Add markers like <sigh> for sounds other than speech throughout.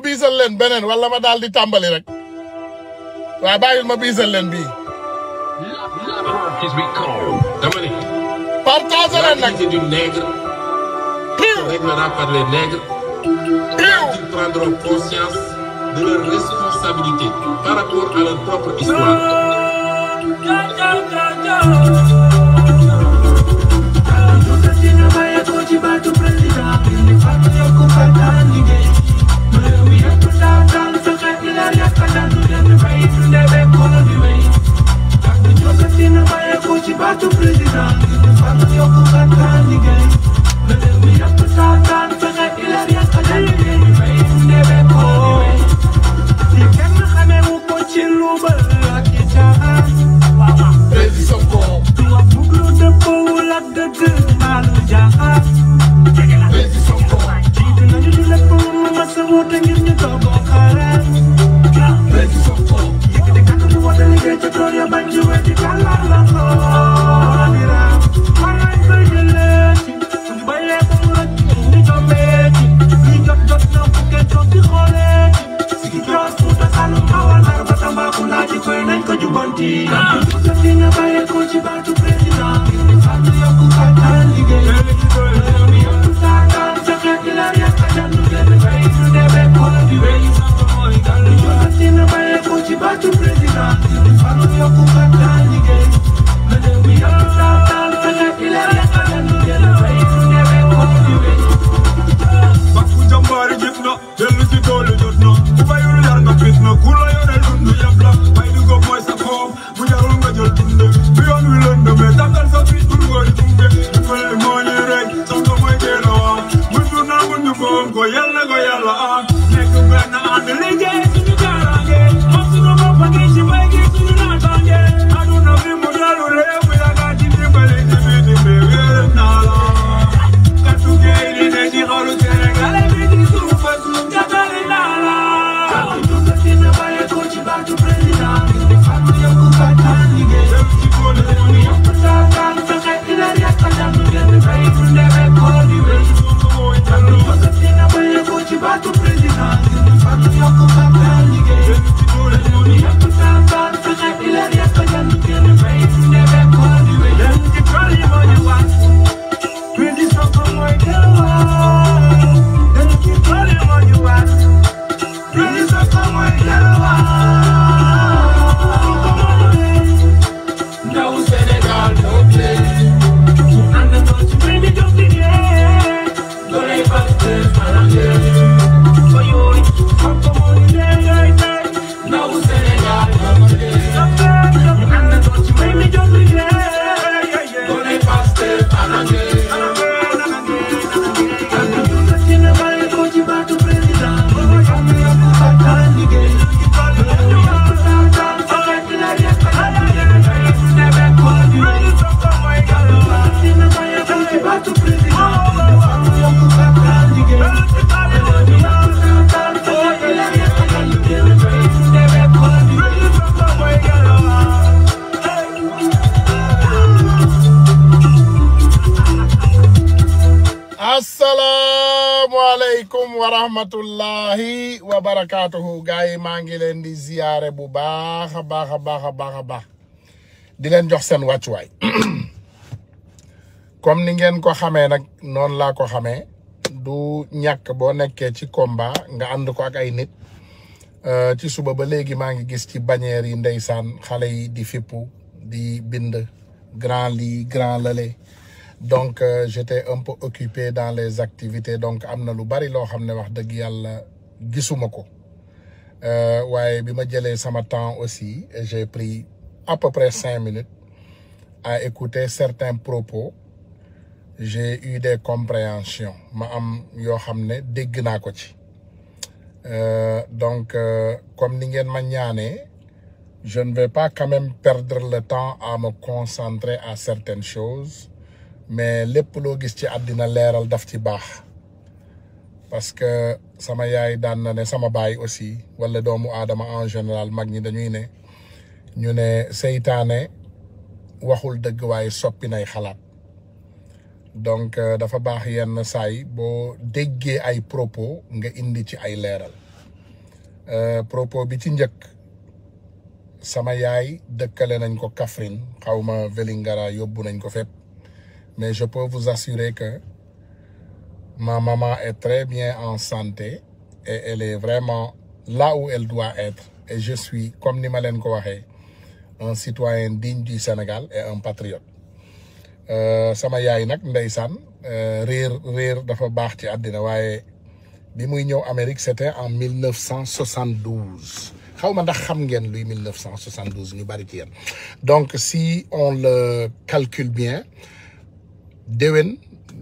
ma biisal leen beneen wala ma daal di tàmbali rek waaw bàyyil ma biisal leen bii. dama ne. partage leen nag. ils prendront conscience de leur responsabilité par rapport à leur propre histoire. fato not fato de ocupar taxawaay bu baax a baax a baax di len jox sen seen way <clears throat> comme ni ngeen ko xamé nak non la ko xamé du ñak bo nekké ci combat nga and ko ak ay nit euh ci suba ba légui ma ngi gis ci bannière yi ndaysan xalé yi di fippu di bind grand li grand lale donc euh, j'étais un peu occupé dans les activités donc amna lu bari lo xamné wax deug yalla gisuma ko euh, waaye bi ma jëlee sama temps aussi j'ai pris à peu près cinq minutes à écouter certains propos j'ai eu des compréhensions ma am yoo xam euh, donc euh, comme ni ngeen ma je ne vais pas quand même perdre le temps à me concentrer à certaines choses mais lépp que gis ci àddina leeral daf ci baax parce que sama yaay daan na ne sama baay aussi wala doomu aadama en général mag ñi dañuy ne ñu ne seytaane waxul dëgg waaye soppi nay xalaat donc euh, dafa baax yenn saay boo déggee ay propos nga indi ci ay leeral euh, propos bi ci njëkk sama yaay dëkkale nañ ko Kaffrine xaw ma Vélingara yóbbu nañ ko fépp mais je peux vous assurer que Ma maman est très bien en santé et elle est vraiment là où elle doit être. Et je suis, comme Nimalen Kouahé, un citoyen digne du Sénégal et un patriote. Euh, sama yaay nag euh, réer réer dafa bax ci adina waaye bi muy ñëw Amérique c'était en 1972 xawma ma ndax xam ngeen luy 1972 ñu bari ci donc si on le calcule bien dewen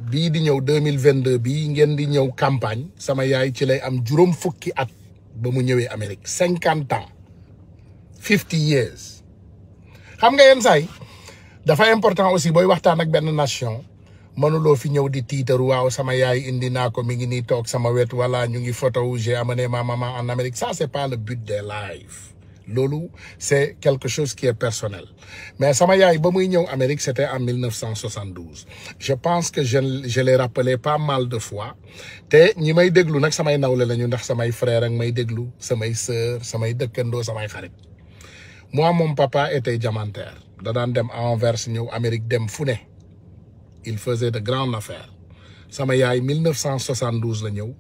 bii di ñëw deux mille vingt deux bii ngeen di ñëw campagne sama yaay ci lay am juróom fukki at ba mu ñëwee Amérique cinquante ans fifty xam nga yenn saay dafa important aussi booy waxtaan ak benn nation mënuloo fi ñëw di tiitaru waaw sama yaay indi naa ko mu ngi nii toog sama wet wala ñu ngi photo j'ai amené ma maman en Amérique ça c'est pas le but des lives Lolo, c'est quelque chose qui est personnel mais sama yaay ba muy en Amérique c'était en 1972 je pense que je je l'ai rappelé pas mal de fois te ñi may déglu nak samay nawle lañu ndax samay frère ak may déglu samay sœur samay dëkkandoo samay xarit moi mon papa était diamantaire da daan dem Anvers ñëw Amérique dem fu il faisait de grandes affaires sama en 1972 la ñëw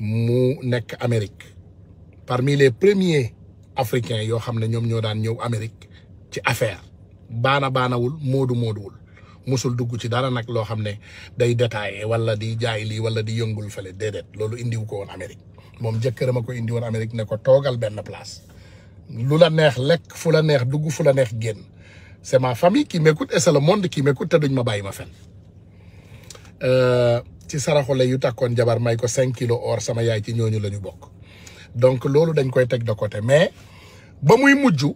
mu nek Amérique parmi les premiers africain yoo xam ne ñoom ñoo daan ñëw Amérique ci affaire baana baanawul moodu mooduwul musul dugg ci dara nag loo xam ne day détaillé wala di jaay lii wala di yëngul fële déedéet loolu indiwu ko woon Amérique moom jëkkëram a ko indi woon Amérique ne ko toogal benn place lu la neex lekk fu la neex dugg fu la neex génn c'est ma famille qui m'écoute et c'est le monde te duñ ma bàyyi ma fen euh, ci saraxule yu takkoon jabar may ko cinq kilos or sama yaay ci ñooñu la ñu bokk donc loolu dañ koy teg de côté mais ba muy mujj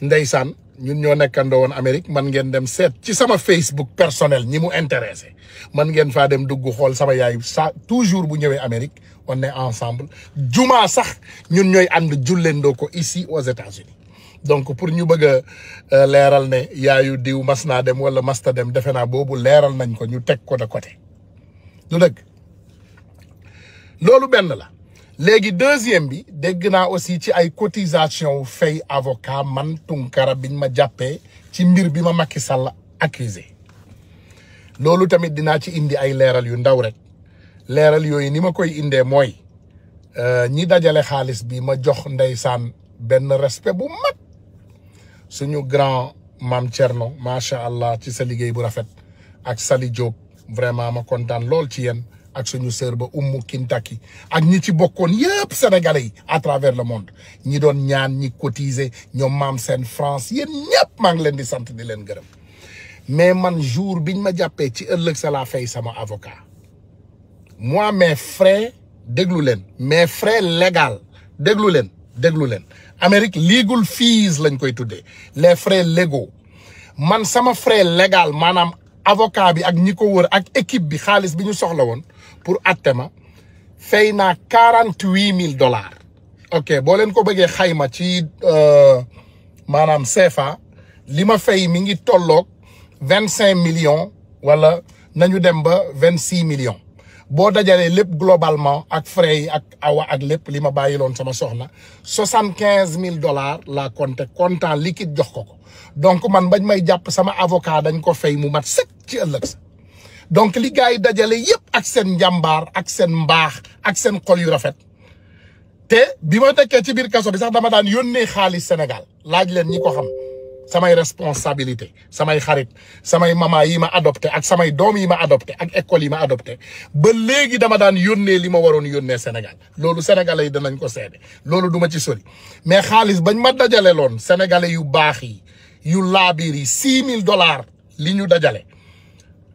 ndeysaan ñun ñoo nekkandoo woon Amérique man ngeen dem seet ci sama Facebook personnel ñi mu intéressé man ngeen faa dem dugg xool sama yaay sa toujours bu ñëwee Amérique on est ensemble juma sax ñun ñooy ànd julleendoo ko ici aux États-Unis donc pour ñu bëgg a euh, leeral ne yaayu diw mas naa dem wala masta dem defe naa boobu leeral nañ ko ñu teg ko de côté du dëgg loolu benn la léegi deuxième bi dégg naa aussi ci ay cotisation fay avocat man Tunkara biñ ma jàppee ci mbir bi ma Macky Sall accusé loolu tamit dinaa ci indi ay leeral yu ndaw rek leeral yooyu ni ma koy indee mooy euh, ñi dajale xaalis bi ma jox ndeysaan benn respect bu mag suñu grand maam Thierno macha allah ci sa liggéey bu rafet ak Sali Diop vraiment ma kontaan lool ci yéen. ak suñu sœur ba Oumou Kintaki ak ñi ci bokkoon yëpp sénégalais yi à travers le monde ñi doon ñaan ñi cotiser ñoom maam seen France yéen ñëpp maa ngi leen di sant di leen gërëm mais man jour biñ ma jàppee ci ëllëg sa laa fay sama avocat moi mes frais déglu leen mais frais légal déglu leen déglu leen Amérique liigul fees lañ koy tuddee les frais légaux man sama frais légal maanaam avocat bi ak ñi ko wër ak équipe bi xaalis bi ñu soxla woon pour Atema, fait 48 000 dollars. Ok, si vous voulez que je vous Madame Sefa, ce que je fais, c'est 25 millions, voilà, nous 26 millions. Si vous voulez globalement, avec Frey, avec l'IP, ce que je fais, c'est 75 000 dollars, la compte, en liquide. Donc, je vais vous dire que mon avocat, je vais vous faire 7 000 dollars. donc li yi dajale yépp ak seen njàmbaar ak seen mbaax ak seen xol yu rafet te bi ma tekkee ci biir kaso bi sax dama daan yónnee xaalis Sénégal laaj leen ñi ko xam samay responsabilité samay xarit samay mama yi ma adopté ak samay doom yi ma adopté ak école yi ma adopté ba léegi dama daan yónnee li ma waroon yónnee Sénégal loolu sénégalais yi danañ ko seede loolu duma ci sori mais xaalis ba ñu ma dajale loon sénégalais yu baax yi yu laabiir yi six mille dollars li ñu dajale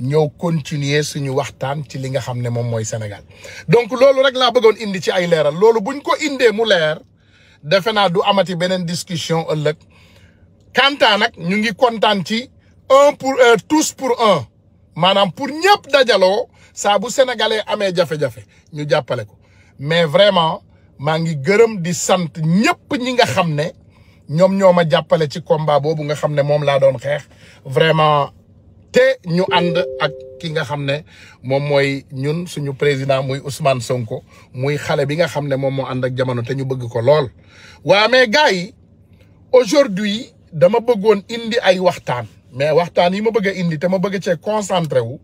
ñëw continuer suñu waxtaan ci li nga xam ne moom mooy Sénégal donc loolu rek laa bëggoon indi ci ay leeral loolu buñ ko indee mu leer defe naa du amati beneen discussion ëllëg kanta nag ñu ngi kontaan ci un pour un euh, tous pour un maanaam pour ñëpp dajaloo saa bu sénégalais amee jafe-jafe ñu jàppale ko mais vraiment maa ngi gërëm di sant ñëpp ñi nga xam ne ñoom ñoo ma jàppale ci combat boobu nga xam ne moom laa doon xeex vraiment te ñu ànd ak ki nga xam ne moom mooy ñun suñu président muy Ousmane Sonko muy xale bi nga xam ne moom moo ànd ak jamono te ñu bëgg ko lool. waa mais gars yi aujourd'hui dama bëggoon indi ay waxtaan mais waxtaan yi ma bëgg a indi te ma bëgg cee concentré wu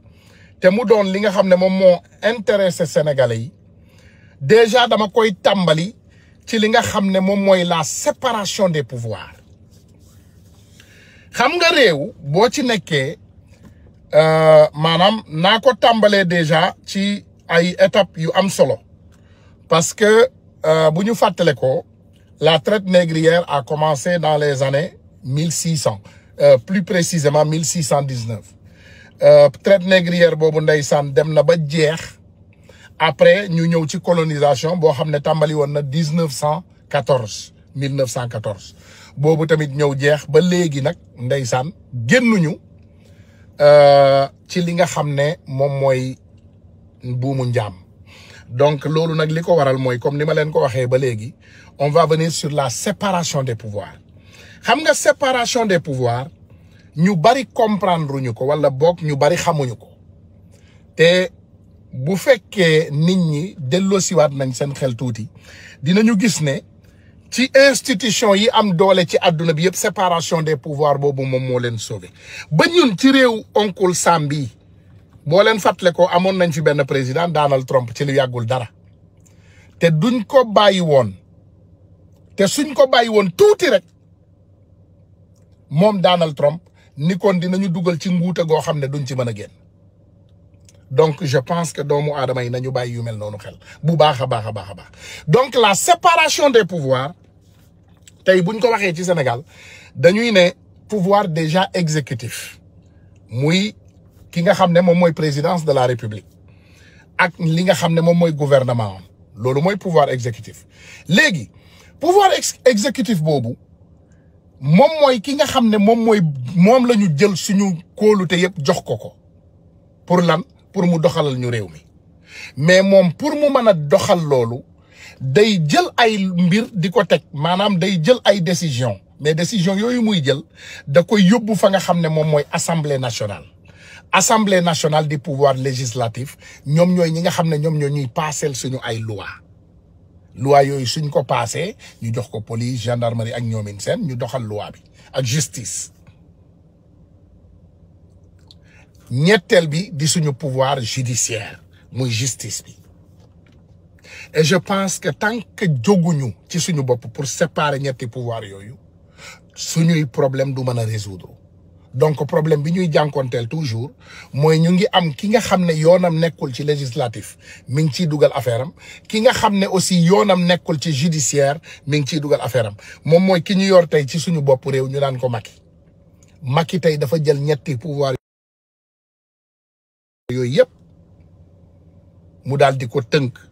te mu doon li nga xam ne moom moo intéressé sénégalais yi déjà dama koy tàmbali ci li nga xam ne moom mooy la séparation des pouvoirs xam nga réew boo ci nekkee. Euh, maanaam naa ko tàmbalee déjà ci ay étape. yu am solo parce que euh buñu le ko la traite négrière a commencé dans les années 1600. euh, plus précisément 1619. euh traite négrière bobu ndaysan dem na ba jeex après ñu ñëw ci colonisation bo xamné tambali won na 1914. 1914 bobu tamit ñëw jeex ba euh, ci li nga xamné mom moy boumu ndiam donc lolu nak liko waral moy comme ni len ko waxé ba légui on va venir sur la séparation des pouvoirs xam nga séparation des pouvoirs ñu bari comprendre ñu wala bok ñu bari xamuñu ko te bu fekkee nit ñi wat nañ sen xel touti dinañu gis né ci institution yi am doole ci aduna bi yëpp séparation des pouvoirs bobu mom mo len sauvé ba ñun ci rew oncle sambi bo len fatlé ko amon nañ fi ben président Donald Trump ci li yagul dara té duñ ko bayyi won té suñ ko bayyi won touti rek mom Donald Trump ni kon dinañu duggal ci nguute go xamné duñ ci mëna a donc je pense que doomu adamay nañu bayyi yu mel nonu xel bu baax a baax baax donc la séparation des pouvoirs tay buñ ko waxé ci Sénégal dañuy né pouvoir déjà exécutif muy ki nga xamné mom moy présidence de la République ak li nga xamné mom moy gouvernement lolu moy pouvoir exécutif légui pouvoir exécutif bobu mom moy ki nga xamné mom moy mom lañu la ñu jël suñu kóolute yëpp jox ko ko pour lan pour mu doxalal ñu réew mi mais mom pour mu mën doxal lolu day jël ay mbir diko tek. manam day jël ay décision mais décision yoyu muy jël da koy yóbbu fa nga xamné ne moy assemblée nationale assemblée nationale du pouvoir législatif ñom ñoy ñi nga xamné ne ñoy ñuy passer suñu ay loi loi yoyu suñ ko paasee ñu jox ko police gendarmerie ak ñoomin seen ñu doxal loi bi ak justice ñettel bi di suñu pouvoir judiciaire muy justice bi et je pense que tant que jóguñu ci suñu bopp pour séparer ñetti pouvoir yooyu suñuy problème du mën a résoudre donc problème bi ñuy jànkoonteel toujours mooy ñu ngi am ki nga xam ne yoonam nekkul ci législatif mi ngi ciy dugal affaire am ki nga xam ne aussi yoonam nekkul ci judiciaire mi ngi ciy dugal affaire am moom mooy ki ñu yor tey ci suñu bopp réew ñu naan ko mag Macky tey dafa jël ñetti pouvoir yooyu yëpp mu daal di ko tënk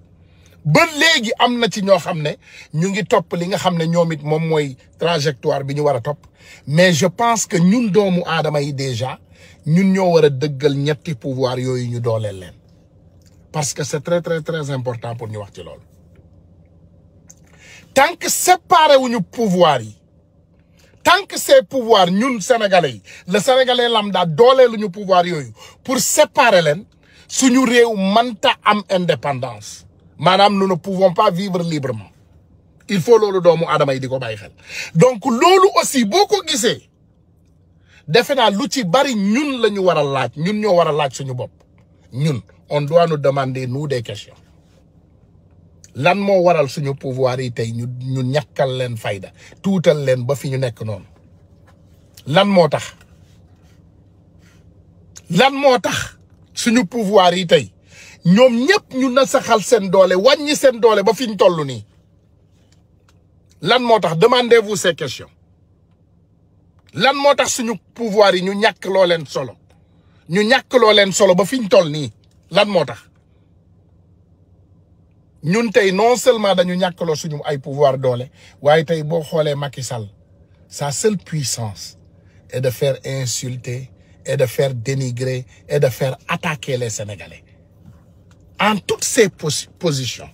ba légui amna ci ño xamné ñu ngi top li nga xamné ñomit mom moy trajectoire bi ñu wara top mais je pense que ñun doomu aadama yi déjà ñun ño wara deugal ñetti pouvoir yooyu ñu dooleel leen parce que c'est très très très important pour ñu wax ci lool tant que séparé wuñu pouvoir yi tant que ces pouvoirs ñun sénégalais le sénégalais lambda luñu pouvoir yooyu pour séparer leen suñu réew manta am indépendance Madame, nous ne pouvons pas vivre librement il faut que doomu nous diko baye xel donc lolu aussi beaucoup qui sait. demander bari ñun lañu wara laaj ñun on doit nous demander nous des questions lan mo waral suñu pouvoir yi tay ñu ñu nous leen fayda tuutal leen ba fi ñu nous non lan mo tax tax suñu pouvoir yi ñom n'yep ñu nasaxal sen doole wañi sen doole ba fiñ demandez-vous ces questions lan motax suñu pouvoir yi ñu ñak solo ñu ñak solo ba fiñ non seulement dañu lo suñu ay pouvoir doole waye tay bo xolé Macky sa seule puissance est de faire insulter et de faire dénigrer et de faire attaquer les Sénégalais en toutes ses positions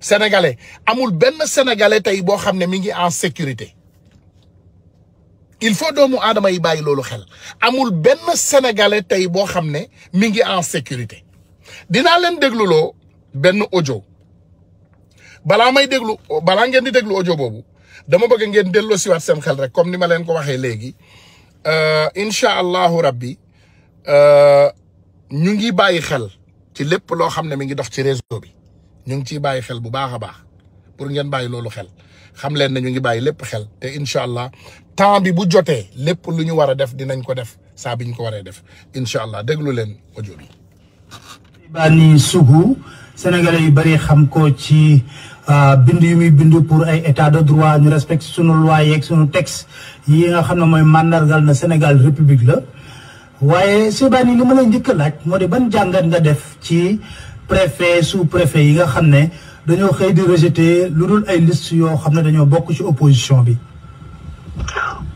sénégalais amul benn sénégalais tey boo xam ne mi ngi en sécurité il faut doomu aadama yi bàyyi loolu xel amul benn sénégalais tey boo xam ne mi ngi en sécurité dinaa leen dégluloo benn ojo balaa may déglu balaa ngeen di déglu ojo boobu dama bëgg ngeen delloo si waat seen xel rek comme ni ma leen ko waxee léegi euh, incha allahu rabbi euh, ñu ngi bàyyi xel. ci lépp loo xam ne mi ngi dox ci réseau bi ñu ngi ciy bàyyi xel bu baax a baax pour ngeen bàyyi loolu xel xam leen na ñu ngi bàyyi lépp xel te incha allah temps bi bu jotee lépp lu ñu war a def dinañ ko def saa bi ñu ko waree def incha allah déglu leen audio bi. Bani Sougou sénégalais yu bëri xam ko ci euh, bind yu muy bind pour ay état de droit ñu respecte sunu loi yeeg sunu texte yi nga xam ne mooy màndargal na Sénégal république la. waaye Sébani li ma lay njëkk a laaj moo di ban jàngat nga def ci préfet sous préfet yi nga xam ne dañoo xëy di rejeter lu dul ay liste yoo xam ne dañoo bokk ci opposition bi.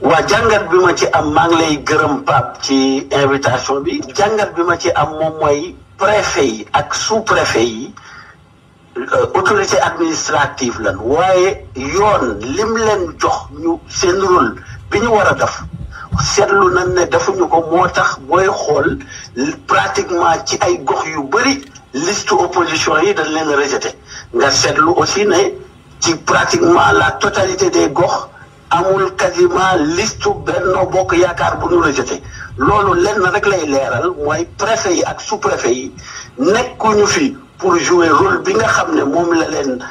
waa jàngat bi ma ci am maa lay gërëm Pape ci invitation bi. jàngat bi ma ci am moom mooy préfet yi ak sous préfet yi euh, autorité administrative lan waaye yoon lim leen jox ñu seen rôle bi ñu war a def. setlu nañ ne defuñu ko moo tax booy xool pratiquement ci ay gox yu bari liste opposition yi dañ leen rejeté nga setlu aussi ne ci pratiquement la totalité des gox amul quasiment liste Benno Bokk Yaakaar bu ñu rejeté loolu lenn rek lay leeral mooy préfet yi ak sous-préfet yi nekkuñu fi pour jouer rôle bi nga xam ne moom la leen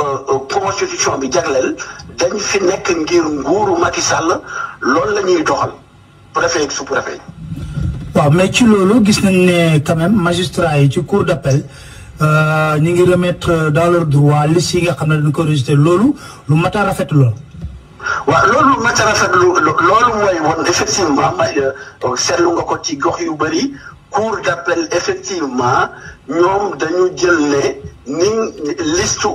euh, euh, constitution bi jagleel dañ fi nekk ngir nguuru Macky Sall loolu la ñuy doxal préfet ak sous-préfet. waaw mais ci loolu gis nañ ne quand même magistrat yi ci cour d'appel euh, ñu ngi remettre dans leur droit liste yi nga xam ne dañ ko rejeté loolu lu mat a rafet lool. waaw loolu mat a rafet loolu mooy euh, seetlu nga ko ci gox yu bëri cour d'appel effectivement ñoom dañu jël ne ni liste.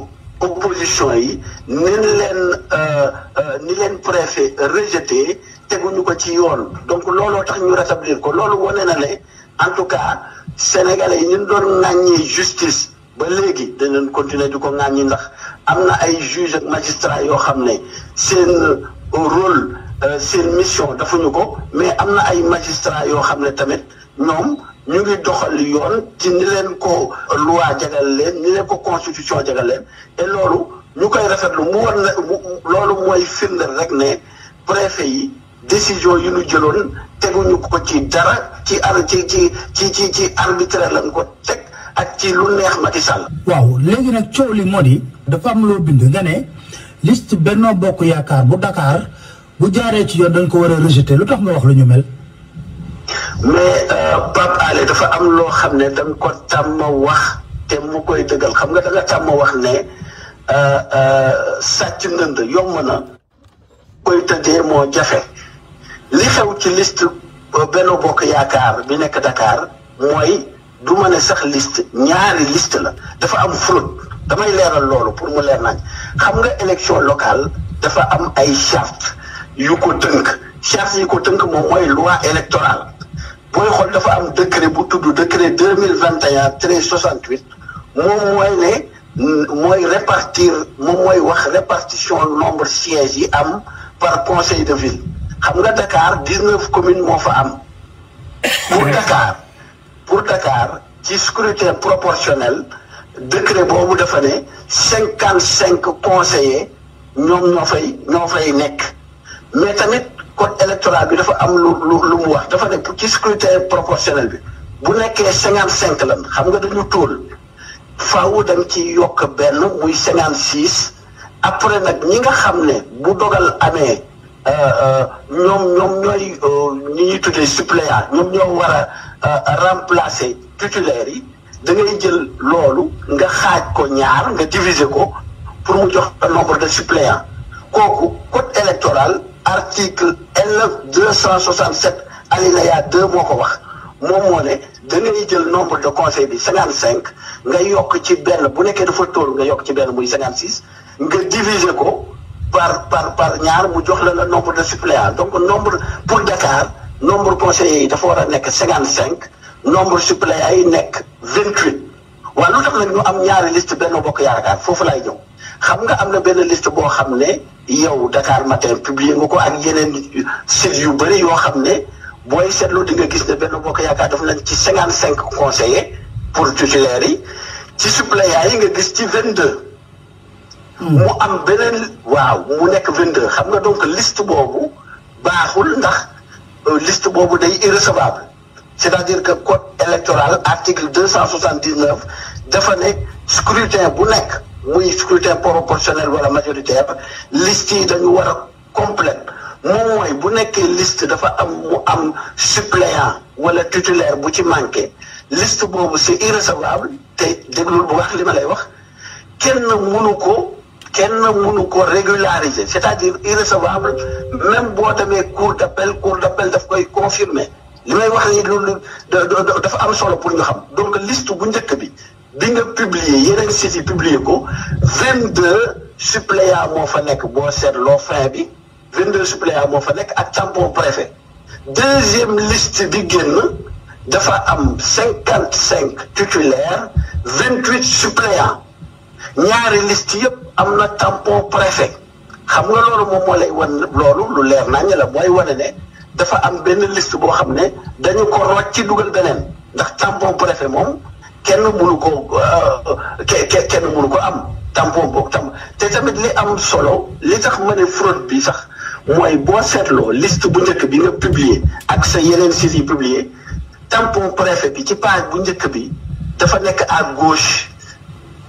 opposition yi ni leen euh, euh, ni len préfet rejeté teguñu ko ci yone donc lolo tax ñu rétablir ko lolo wane na ne en tout cas sénégalais yi ñu doon ŋàññi justice ba léegi danañ continuer diko ko ndax amna ay juge ak magistrat yo xamné sen euh, rôle euh, sen mission dafuñu ko mais amna ay magistrat yo xamné tamit ñoom ñu ngi doxal yoon ci ni leen ko loi jagal leen ni leen ko constitution jagal leen te loolu ñu koy rafetlu mu war na loolu mooy firndeel rek ne préfet yi décision yi ñu jëloon teguñu ko ci dara ci ar ci ci ci ci ci arbitraire lañ ko teg ak ci lu neex Macky Sall. waaw léegi nag coow li moo di dafa am loo bind nga ne liste Benno Bokk Yaakaar bu dakaar bu jaaree ci yoon dañ ko war a rejeter lu tax nga wax lu ñu mel. mais euh, Pape Alé dafa am loo xam ne da nga ko tàmm wax te mu koy dëggal xam nga da nga tàmm wax ne euh, euh, sàcc ndënd yomb na koy tëddee moo jafe li xew ci liste benn Bokk Yaakaar bi nekk Dakar mooy du ma ne sax list ñaari liste la dafa am fraude damay leeral loolu pour mu leer nañ xam nga élection locale dafa am ay charte yu ko tënk charte yi ko tënk moom mooy loi électorale Pour xol dafa am décret bu décret 2021 1368 68 mom né moy répartir le nombre de sièges par conseil de ville xam nga 19 communes mo fa am pour Dakar pour ci scrutin décret bobu dafa né 55 conseillers ñom ñofay ñofay nek mais tamit code électoral bi dafa am lu lu lu mu wax dafa ne ci scrutin proportionnel bi bu nekkee cinquante cinq lan xam nga dañu tóol faaw dem ci yokk benn muy cinquante six après nag ñi nga xam ne bu dogal amee euh, euh, ñoom ñoom ñooy euh, ñi ñuy tuddee suppléant ñoom ñoo war a remplacer titulaire yi da ngay jël loolu nga xaaj ko ñaar nga diviser ko pour mu jox nombre de suppléant kooku code électoral article L deux cent soixante sept alinéa deux moo ko wax moom moo ne da ngay jël nombre de conseil bi cinquante cinq nga yokk ci benn bu nekkee dafa tóol nga yokk ci benn muy cinquante six nga diviser ko par par par ñaar mu jox la le nombre de suppléants donc nombre pour Dakar nombre conseil yi dafa war a nekk cinquante cinq nombre suppléants yi nekk vingt huit waaw lu tax nag ñu am ñaari liste benn bokk yaakaar foofu laay ñëw xam nga am na benn liste boo xam ne yow Dakar Matin publier nga ko ak yeneen sites yu bëri yoo xam ne booy seetlu di nga gis ne benn boo yaakaar daf nañ ci 55 conseillers pour titulaires yi ci suppléants yi nga gis ci 22. Hmm. mu am beneen waaw mu nekk 22 xam nga donc liste boobu baaxul ndax euh, liste boobu day irrecevable c'est-à-dire que code électoral article 279 dafa ne scrutin bu nekk muy scrutin proportionnel wala majoritaire liste yi dañu war a complète moom mooy bu nekkee list dafa am mu am suppléant wala titulaire bu ci manqué liste boobu c'est irrecevable te déglul bu wax li ma lay wax kenn mënu ko kenn mënu ko régulariser c'est-à-dire irrecevable même boo demee cour d'appel cour d'appel daf koy confirmer li may wax ni loolu dafa am solo pour ñu xam donc liste bu njëkk bi dinga publier yeneen sites yi publier ko vingt deux suppléants moo fa nekk boo seetloo frein bi vingt deux suppléants moo fa nekk ak tampon préfet deuxième liste bi génn dafa am cinquante cinq titulaires vingt huit suppléants ñaari liste yëpp am na tampon préfet xam nga loolu moom moo lay wan loolu lu leer nañ la mooy wane ne dafa am benn liste boo xam ne dañu ko rocc ci dugal beneen ndax tampon préfet moom kenn mënu ko euh, kenn am tampon bok tam te tamit li am solo li tax ma fraude bi sax mooy boo seetloo liste bu njëkk bi nga publier ak sa yeneen sites yi publier tampon préfet bi ci page bu njëkk bi dafa nekk à gauche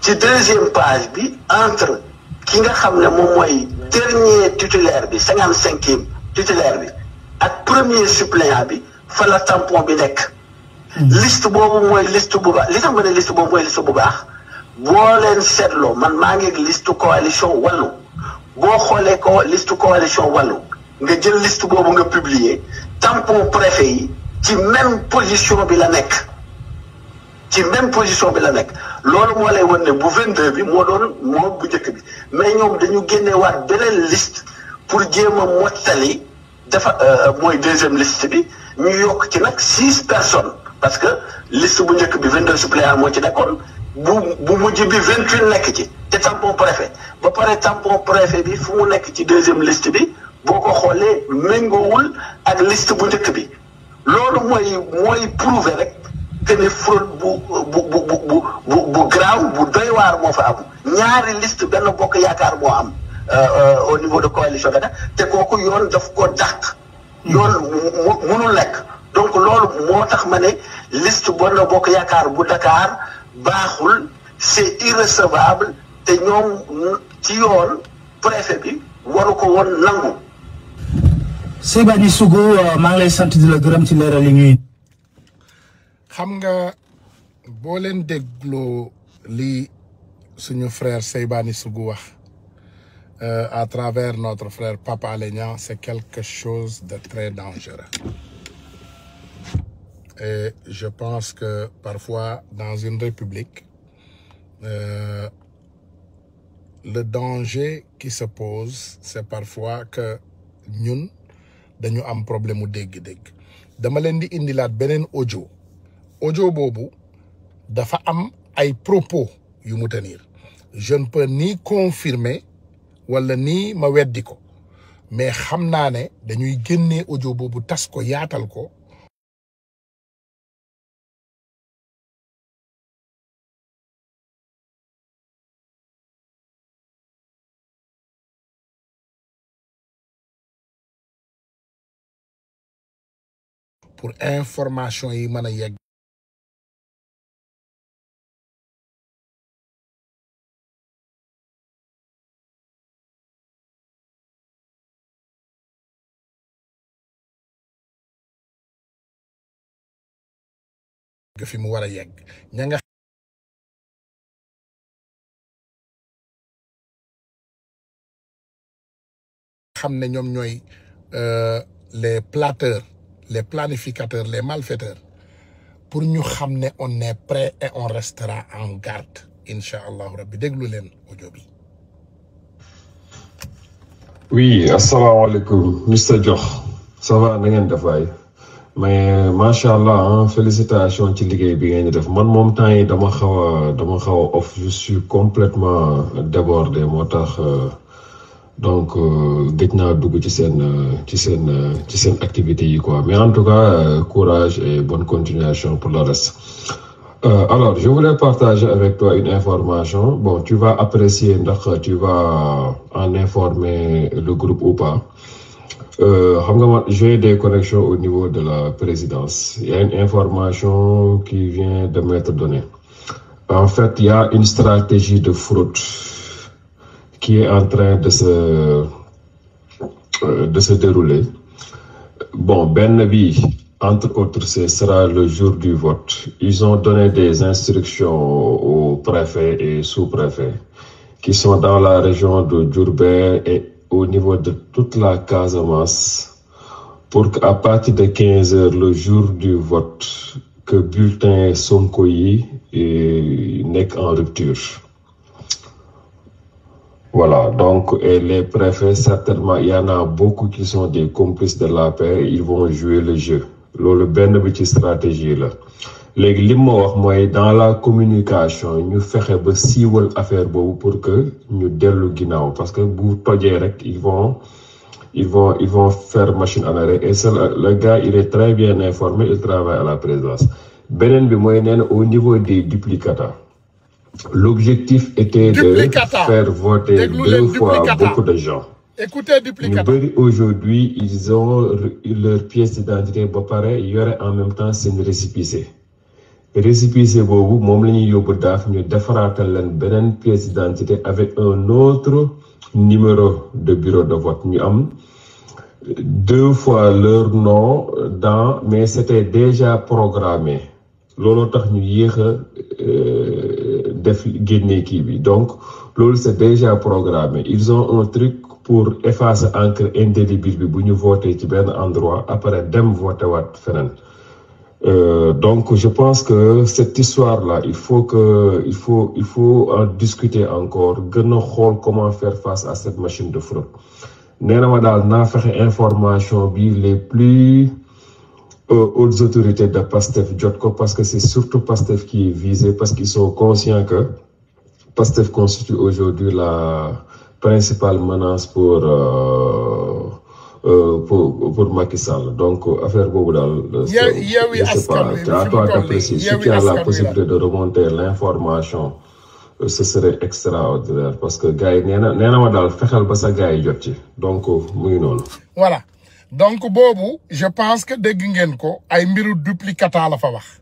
ci deuxième page bi entre ki nga xam ne moom mooy dernier titulaire bi cinquante cinquième titulaire bi ak premier suppléant bi fa la tampon bi nekk liste liste moy liste bu baax liste liste liste bu baax man liste coalition walu de xolé ko liste coalition walu nga jël liste nga publier même position la même position bi la bu 22 bi bu bi mais ñoom liste pour liste euh, deuxième liste bi ñu six personnes. parce que list bu njëkk bi 22 suppléants moo ci nekkoon bu bu mujj bi 28 nekk ci te tampon préfet ba pare tampon préfet bi fu mu nekk ci deuxième list bi boo ko xoolee méngoowul ak list bu njëkk bi loolu mooy mooy prouver rek que ni fraude bu bu bu bu bu bu bu doy waar moo fa am ñaari liste benn bokk yaakaar boo am euh, euh, au niveau de coalition Dada te kooku yoon daf ko dàq. yoon munul nekk. donc lolu motax mané liste Benno Bokk yakar bu Dakar baxul c'est irrecevable té ñom ci yoon préfet bi waru ko woon nangu. Seybani Sougou euh, maa ngi lay sant di la gërëm ci leeral yi ñuy. xam nga boo leen dégloo li suñu frère Seybani Sougou wax euh, à travers notre frère Papa Alé c'est quelque chose de très dangereux. Et je pense que parfois, dans une république, euh, le danger qui se pose, c'est parfois que nous dañu am problème mu dégg-dégg dama leen di indilaat C'est audio audio boobu dafa am ay propos yu mu tenir je ne peux ni confirmer wala ni ma weddi mais xamna naa ne dañuy génnee audio bobu tas ko yaatal ko pour information yi mën a yegg. fi mu war a yegg ña nga xam ne ñoom ñooy euh, les plateurs les planificateurs, les malfaiteurs, pour ñu xam ne on est prêt et on restera en garde incha allahu rabbi déglu leen audio bi. oui asalaamaaleykum monsieur Diokh ça va na ngeen def waay mais macha allah hein, félicitation ci liggéey bi ngeen def man moom temps yi dama xaw a dama xaw off je suis complètement débordé moo tax. Euh, donc euh, tu dugg ci sen euh, ci euh, mais en tout cas euh, courage et bonne continuation pour le reste alors je voulais partager avec toi une information bon tu vas apprécier ndax tu vas en informer le groupe ou pas j'ai des connexions au niveau de la présidence il y a une information qui vient de m'être donnée en fait il y a une stratégie de fraude qui est en train de se, euh, de se dérouler. Bon, Ben vie entre autres, ce sera le jour du vote. Ils ont donné des instructions aux préfets et sous-préfets qui sont dans la région de Djurbel et au niveau de toute la Casamance pour qu'à partir de 15 heures, le jour du vote, que bulletin Sonkoyi euh, n'est en rupture. Voilà, donc euh, les préfets, certainement, il y en a beaucoup qui sont des complices de la paix, ils vont jouer le jeu. Le une bi stratégie là. Les dans la communication nous faisons si siiwal affaire pour que nous le parce que pas direct ils vont ils vont ils vont faire machine à l'arrêt. et le gars il est très bien informé il travaille à la présence. Benen, bi au niveau des duplicata L'objectif était de faire voter deux fois beaucoup de gens. Écoutez, duplicata. Aujourd'hui, ils ont leur pièce d'identité il y aurait en même temps une récipice. Récipice, vous moom la ñuy yóbbu ñu pièce d'identité avec un autre numéro de bureau de vote ñu deux fois leur nom dans mais c'était déjà programmé L'autre tax ñu def bi donc loolu c'est déjà programmé ils ont un truc pour effacer encre indélébile bi buñu ñu voté ci ben endroit après dem wat fenen Euh, donc je pense que cette histoire là il faut que il faut il faut en discuter encore comment faire face à cette machine de fraude nee na ma les plus euh, aux autorités de PASTEF jot parce que c'est surtout PASTEF qui est visé parce qu'ils sont conscients que PASTEF constitue aujourd'hui la principale menace pour euh, euh, pour pour Macky Sall donc affaire boobu je ne sais Wi à toi d'apprécier si tu as la possibilité de remonter l'information ce serait extraordinaire parce que gars il y na nee na qui daal ba donc mu voilà. donc boobu je pense que dégg ko ay mbiru duplicata la fa wax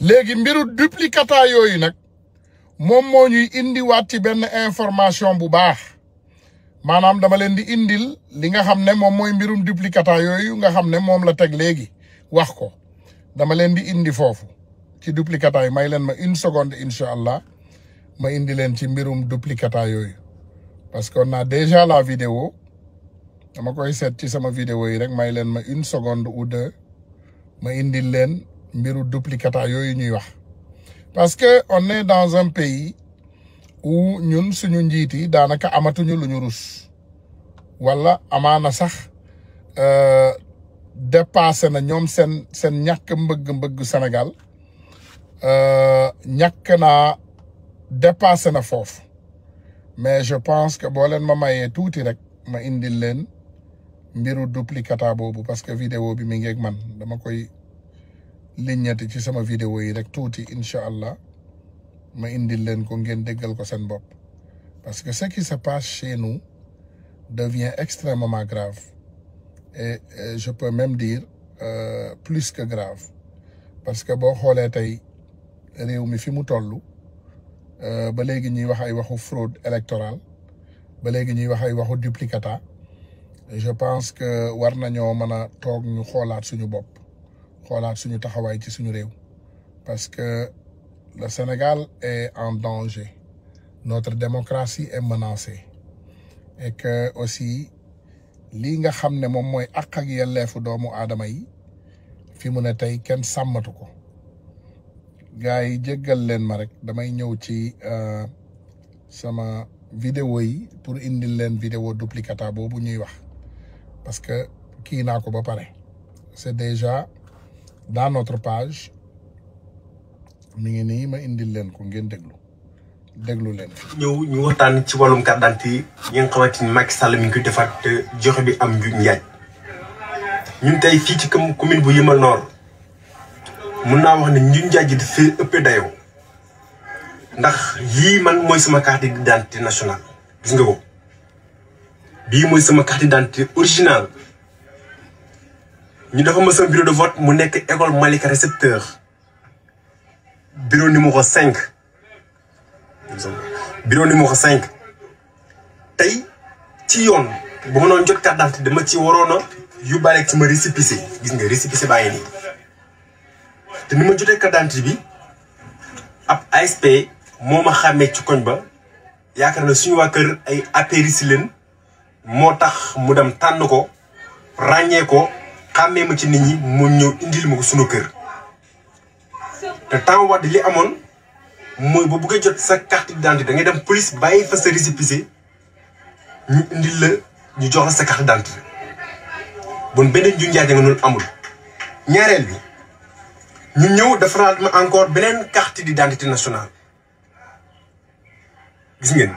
léegi mbiru duplicata yooyu nag moom moo ñuy indiwaat ci benn information bu baax maanaam dama leen di indil li nga xam ne moom mooy mbirum duplicata yooyu nga xam ne moom la teg léegi wax ko dama leen di indi foofu ci duplicata yi may leen ma une seconde incha allah ma indi leen ci mbirum duplicata yooyu parce que a déjà la vidéo dama koy seet ci sama vidéo yi rek may leen ma une seconde ou deux ma indil leen mbiru duplicata yooyu ñuy wax parce que on dans un pays u ñun suñu njiit yi daanaka amatuñu lu ñu rus wala amaana sax euh, dépassé na ñoom seen seen ñàkk mbëgg-mbëgg Sénégal euh, ñàkk naa dépassé na foofu mais je pense que boo leen ma mayee tuuti rek ma indil leen mbiru duplicata bobu parce que vidéo bi mi ak man dama koy liññati ci sama vidéo yi rek touti inshallah ma indil len ko ngeen déggal ko sen bop parce que ce qui se passe chez nous devient extrêmement grave et je peux même dire euh, plus que grave parce que bo xolé tay rew mi fi mu euh ba légui ñi wax ay waxu fraude électorale ba légui ñi wax ay waxu duplicata je pense que war nañoo mën a toog ñu xoolaat suñu bopp xoolaat suñu taxawaay ci suñu parce que le Sénégal est en danger notre démocratie est menacée et que aussi lii nga xam ne moom mooy àq ak yelleefu doomu aadama yi fi mu ne tey kenn sàmmatu ko gars yi jéggal leen ma rek damay ñew ci euh, sama vidéo yi pour indi leen vidéo duplicata bobu ñuy wax parce que kii naa ko ba pare c'est déjà dans notre page mi ngi nii ma indi leen ko ngeen déglu déglu leen. ñëw ñu waxtaan ci wàllum carte d'identité yi. ñi nga xamante ni Macky Sall mi ngi koy defaat te joxe bi am njuñ njaaj. ñun tey fii ci commune bu Yeumbeul Nord mun naa wax ne njuñ njaaj ji dafay ëppee dayoo ndax lii man mooy sama carte d'identité nationale gis nga ko. bii mooy sama carte d'identité originale ñu dafa ma sama bureau de vote mu nekk école Malika récepteur bureau numéro cinq bureau numéro cinq tey ci yoon bu ma noon jot carte d'identité dama ci waroon a yóbbaale sama récépissé gis nga récépissé baa ngi nii te ni ma jotee carte d'identité bi ab ASP moo ma xàmmee ci koñ ba yaakaar na suñu waa kër ay apéri si leen motax mu dem tan ko ràññee ko xamé mu ci nit ñi mu ñu indil mu ko suñu kër té temps wad li amoon moy bu bëgg jot sa carte d'identité da dem police bayyi fa sa récépissé ñu indil la ñu jox la sa carte d'identité bon benen ñu njaaje nga noonu amul ñaareel bi ñu ñëw ma encore benen carte d'identité nationale gis ngeen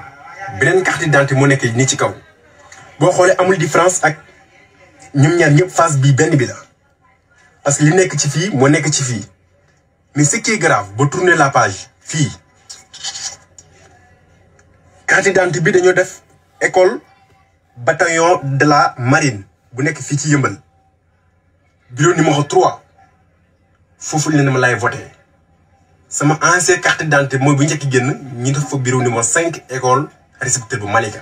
benen carte d'identité mo nekk ni ci kaw bo xolé amul différence ak ñum ñaar ñëpp face bi benn bi la parce que li nekk ci fi mo nekk ci fi mais ce qui est grave bo tourner la page fi carte d'identité bi dañu def école bataillon de la marine bu nekk fi ci yëmbal bureau numéro 3 fofu la ne ma laay voter. sama ancien carte d'identité mooy bu njëkk génn ñi def fa bureau numéro 5 école récepteur bu Malika.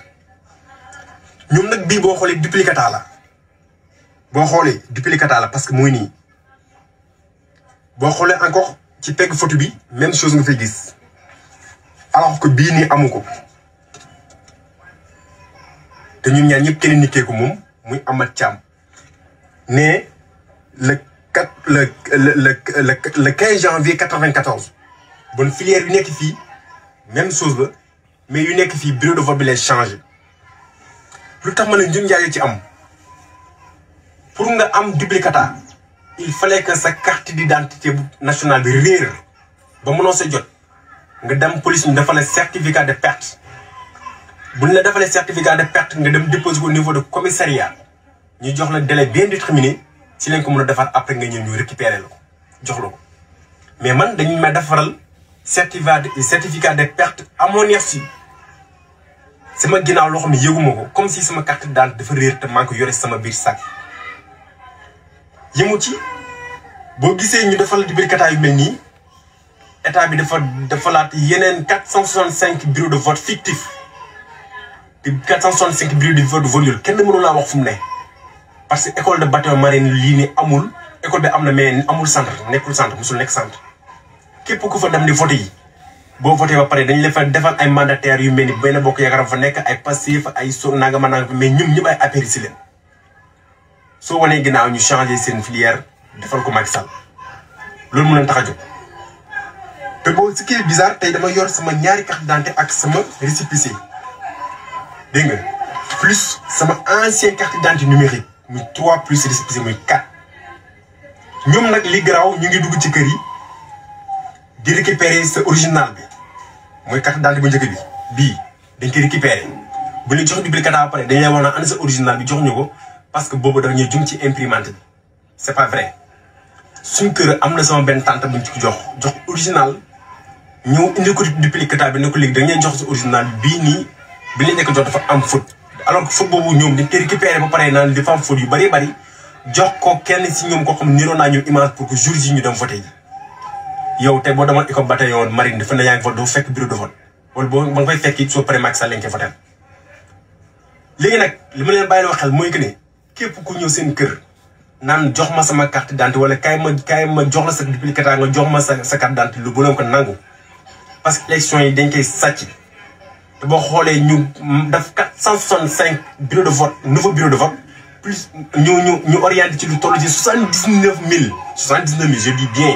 Nous nak bi bo xolé duplicata la bo xolé duplicata la parce que mooy nii encore ci photo bi même chose nga fay alors que bi ni ñun ko muy le 15 janvier 94 bonne filière même chose mais une nekk bureau de lu tax ma ne njur njaay ci am pour nga am duplicata il fallait que sa di d'identité bu nationale bi réer ba mënoo sa jot nga dem police ñu defalee certificat de perte bu ñu la defalee certificat de perte nga dem déposer ko niveau de commissariat ñu jox la délai bien déterminé ci lañ ko mën a defar après nga ñëw ñu récupérer la ko jox la ko mais man dañu may defaral certificat certificat de perte amoon si sama ginnaaw loo xam ne yëguma ko comme si sama carte daal dafa réer te maa yore sama biir sac yëmu ci boo gisee ñu defal di biir kataa yu mel nii état bi dafa dafa laat yeneen quatre cent soixante cinq bureau de vote fictif te quatre cent soixante cinq bureau de vote vol yooyu kenn mënu wax fu mu ne parce que école de bâtiment marine lii ni amul école bi am na mais amul centre nekkul centre musul nekk centre képp ku fa dem di vote yi boo voté ba pare dañ la fa defal ay mandataires yu mel ni benn bokk yaakaar fa nekk ay passif ay so nanga ma nanga mais ñun ñëpp ay apéri si leen soo wanee ginnaaw ñu changé seen filière defal ko Macky sal loolu mu leen tax a jóg te boo si kii tey dama yor sama ñaari carte d'identité ak sama récépissé dégg nga plus sama ancien carte d'identité numérique muy 3 plus récépissé muy 4 ñoom nag li garaaw ñu ngi dugg ci kër yi di récupérer sa original bi mooy daal d'identité bu njëkk bi bii dañ koy récupéré bu ñu jox duplicata ba pare dañ lay wax naan ana sa original bi jox ñu ko parce que boobu dafa ñuy jum ci imprimante bi c'est pas suñ kër am na sama benn tante ñu ci jox jox original ñëw indi ko duplicata bi ne ko léegi dañ leen jox sa original bii nii bi ñu nekk jox dafa am faute alors que faute boobu ñoom dañ koy récupéré ba pare naan dafa am faute yu bari bari jox ko kenn si ñoom koo xam niroo ñoom image pour que jours yi ñu dem voté yow tey boo demoon ICOP bataillon marine dafa ne yaa ngi vote doo fekk bureau de vote wala boo ba nga fekk it soo paree Macky Sall lañ koy voté léegi nag li ma leen bàyyi loo xel mooy que ne képp ku ñëw seen kër naan jox ma sama carte d'identité wala kaay ma kaay ma jox la sa duplicata nga jox ma sa sa carte d'identité lu bëloon ko nangu. parce que yi dañ koy sàcc te boo xoolee ñu daf quatre cent soixante cinq bureau de vote nouveau bureau de vote plus ñu ñu ñu orienté ci lu toll ci soixante dix neuf mille soixante dix neuf mille je bien.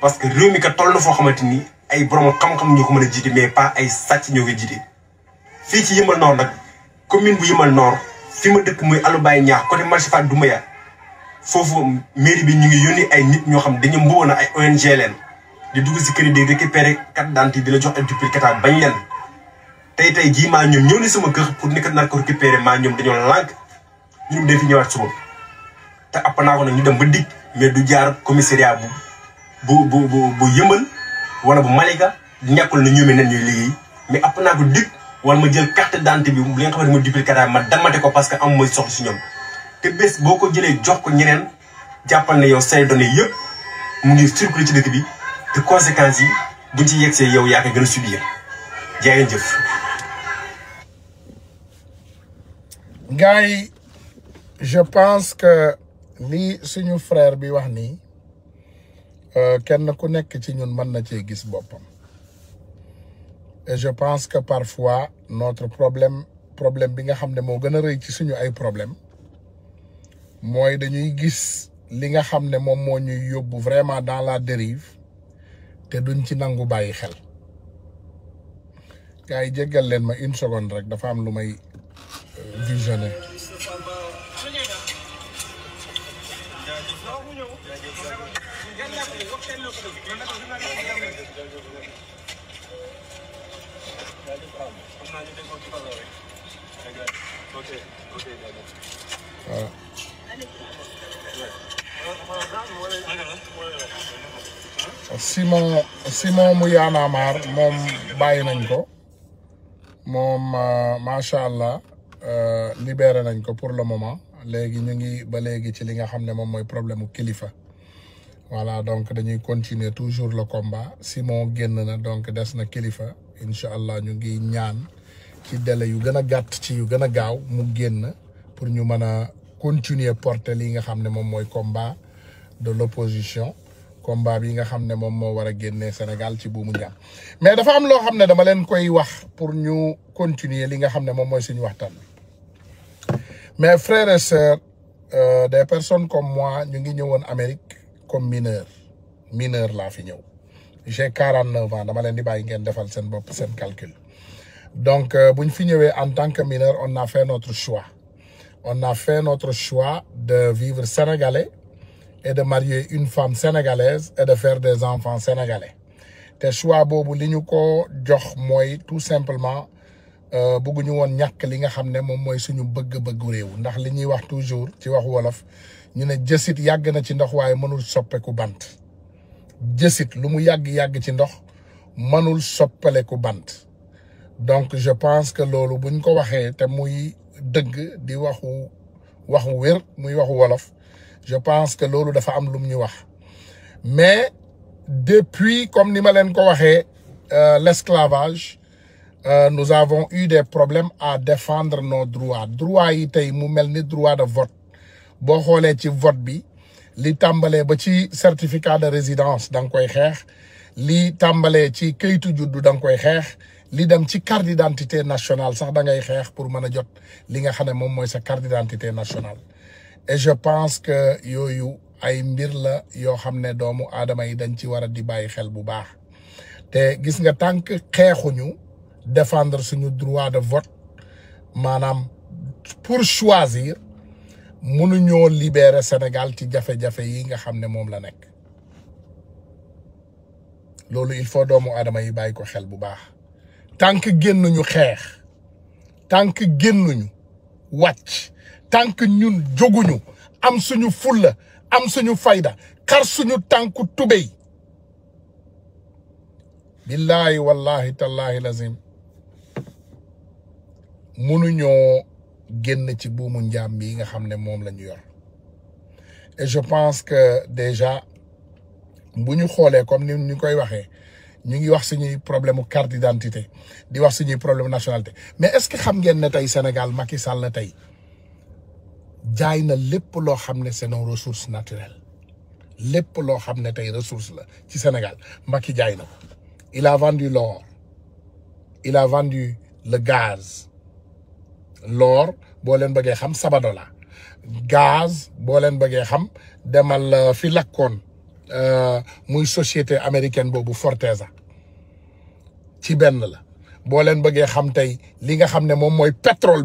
parce que réew mi kat toll na foo xamante ni ay borom xam-xam ñoo ko mën a jiite mais pas ay sàcc ñoo ko jiite. fii ci Yeumbeul Nord nag commune bu Yeumbeul noor fi ma dëkk muy Aloubaye ñaax côté marché Fatou Doumbouya foofu mairie bi ñu ngi yónni ay nit ñoo xam dañu mbóo na ay ONG leen di dugg si kër yi di récupérer carte d'identité di la jox ay duplicata bañ leen. tey tey jii maa ñoom ñëw na sama kër pour ni kat naa ko récupérer maa ñoom dañoo lànk ñun dee fi ñëwaat suba te app naa ko nag ñu dem ba dig mais du jaar commissariat bu bu bu bu bu yëmbal wala bu Malika ñàkkul na ñoom it nañ mais app naa ko dig wala ma jël carte d'identité bi mu li nga xamante mu duplicata ma damate ko parce que am ma soxla si ñoom te boo ko jëlee jox ko ñeneen jàppal ne yow say données yëpp mu ngi circulé ci dëkk bi te conséquences yi buñ ci yegg see yow yaa ko gën a subir jaayeen jëf. gars yi je pense que lii suñu frère bi wax nii. Euh, kenn ku nek ci ñun man na ci gis bopam et je pense que parfois notre problème problème bi nga xamne mo gëna reuy ci suñu ay problème moy dañuy gis li nga xamne mom mo ñuy yóbbu vraiment dans la dérive te duñ ci nangu bàyyi xel gars yi jéggal leen ma une seconde rek dafa am lumay euh, visionner Simon Simon mu yaanaamaar moom bàyyi nañ ko moom euh, machallah, euh, libéré nañ ko pour le moment léegi ñu ngi ba léegi ci li nga xam ne moom problème mu kilifa voilà donc dañuy continuer toujours le combat Simon génn donc des na kilifa inshallah allah ñu ngi ñaan ci délai yu gën a gàtt ci yu gën a gaaw mu pour ñu mën continuer porter li nga xam ne moom combat de l'opposition combat bi nga xamne ne mo wara genné Sénégal ci buumu njàmm mais dafa am lo xamne dama leen koy wax pour ñu continuer li nga xamne mom moy suñu waxtan mais frères et sœurs euh, des personnes comme moi ñu ngi ñëwone Amérique comme mineur mineur la fi ñëw j'ai quarante ans dama leen di bay ngeen defal sen bop sen calcul donc euh, bu ñu fi ñëwé en tant que mineur on a fait notre choix on a fait notre choix de vivre sénégalais et de marier une femme sénégalaise et de faire des enfants sénégalais te choix bobu liñu ko jox moy tout simplement ñu won ñak li nga xam mom moy suñu bëgg bëgg réew ndax liñuy wax toujours ci wax wolof ñu ne jësit yàgg na ci ndox waaye mënul soppeeku bant jësit lu mu yag yag ci ndox mënul ku bant donc je pense que lolu buñ ko waxé té muy deug di waxu waxu wër muy waxu wolof je pense que lolu dafa am lum mais depuis comme ni malen ko waxé euh, l'esclavage euh, nous avons eu des problèmes à défendre nos droits droits yi tay mu melni ni droit de vote bo xolé ci vote bi li tambalé ba ci certificat de résidence dang koy xeex li tambalé ci kayitu juddu dang koy xeex li dem ci carte d'identité nationale sax da ngay pour mën jot li nga xam mom moy sa carte d'identité nationale et je pense que yooyu ay mbir la yo xam ne doomu aadama yi dañ ci wara di bàyyi xel bu baax té gis nga tank xéxuñu défendre suñu droit de vote manam pour choisir mënuñoo libérer Sénégal ci jafé jafé yi nga xamné ne la nek loolu il faut doomu aadama yi bàyyi xel bu baax tank gennuñu xeex tank gennuñu wacc tant que ñun jóguñu am suñu fulla am suñu fayda kar suñu tanku tubey billahi wallahi tallaahi lazim mënuñoo genn ci buumu ndiam bi nga xamne mom lañu yor et je pense que déjà buñu xolé comme ni ñu koy waxé ñu ngi wax suñu problème carte d'identité di wax suñu problème nationalité mais est-ce que xam ngeen ne tay Sénégal Macky Sall tey jaayna c'est nos ressources naturelles Sénégal il a vendu l'or il a vendu le gaz l'or boo leen bëggee xam Sabadola gaz boo leen demal euh, fi lakkoon euh, société américaine boobu Forteza ci benn la boo leen bëggee xam tey li pétrole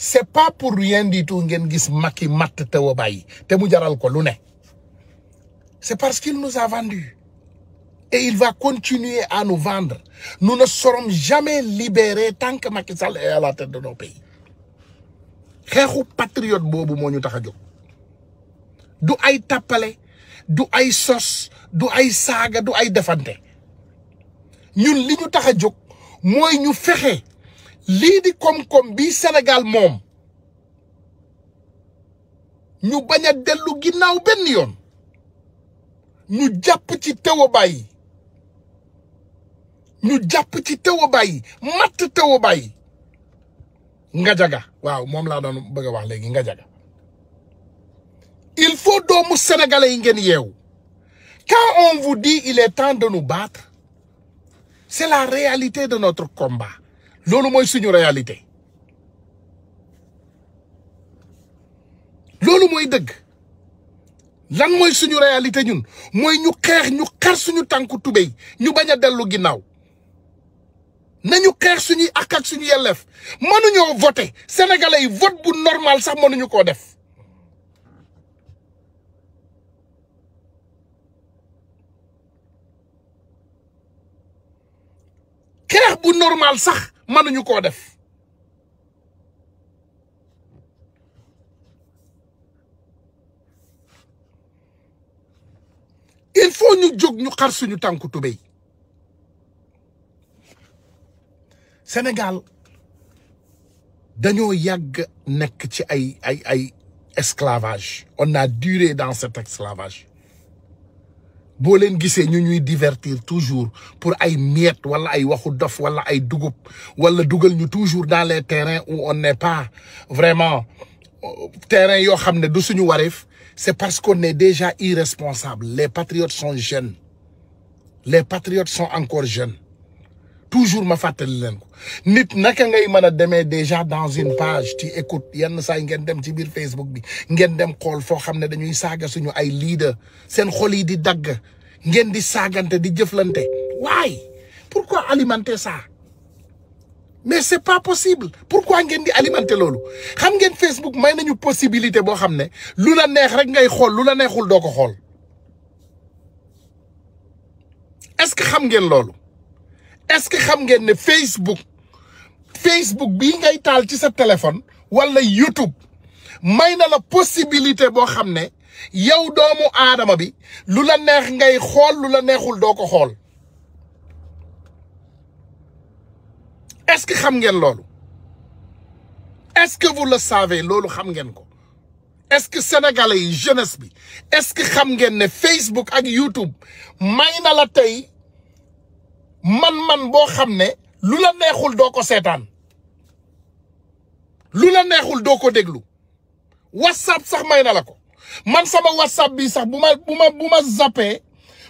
c'est pas pour rien du tout ngén gis Macky matt te wa té mu jaral c'est parce qu'il nous a vendu et il va continuer à nous vendre nous ne serons jamais libérés tant que Macky est à la tête de nos pays patriote bobu du ay du ay sos du ay saga, du ay defante ñun li lii di koom-koom bi Sénégal moom ñu bañ a dellu ginnaaw benn yoon ñu jàpp ci tew a bàyyi ñu jàpp ci tew a bàyyi matt tew a bàyyi nga jaga waaw moom laa doon bëgg a wax léegi nga jaga il faut doomu sénégalais yi ngeen yeewu quand on vous dit il est temps de nous battre la réalité de notre combat lolu moy suñu réalité lolu moy deug lan moy suñu réalité ñun moy ñu xex ñu xar suñu tanku tubé ñu baña delu ginnaw nañu xex suñu ak ak suñu yelleef ñoo voter sénégalais vote bu normal sax ñu ko def xeex bu normal sax ñu ko def il faut ñu jog ñu xar suñu tanku tubéy Sénégal dañoo yàgg nekk ci ay ay ay esclavage on a duré dans cet esclavage bolen leen ñu ñuy divertir toujours pour ay miette wala ay waxu dof wala ay dugub wala dugal ñu toujours dans les terrains où on n'est pas vraiment euh, terrain yo xamné du suñu c'est parce qu'on est déjà irresponsable les patriotes sont jeunes les patriotes sont encore jeunes toujours ma fatale. leen nit naka ngay mën a demee déjà dans une page tu écoute, yenn say yi ngeen dem ci biir Facebook bi ngeen dem xol fo xamné dañuy saga suñu ay leader sen xol yi di dag ngeen di saganté di jëflanté Why? pourquoi alimenter ça mais c'est pas possible pourquoi ngeen di alimenter lolu xam ngeen Facebook may nañu possibilité bo xamné ne neex rek ngay xol lula neexul doko xol est-ce que xam ngeen lolu est-ce que xam ngeen ne Facebook Facebook bii ngay taal ci sa téléphone walla YouTube may na la possibilité boo xam ne yow doomu aadama bi lu la neex ngay xool lu la neexul doo ko xool est-ce que xam ngeen loolu est-ce que vous le savez loolu xam ngeen ko est-ce que sénégalais yi jeunesse bi est-ce que xam ngeen ne Facebook ak YouTube may na la tey man-man bo xamne ne lu la neexul doo ko seetaan lu la neexul doo ko déglu whatsapp sax may na la ko man sama whatsapp bi sax buma buma buma zappé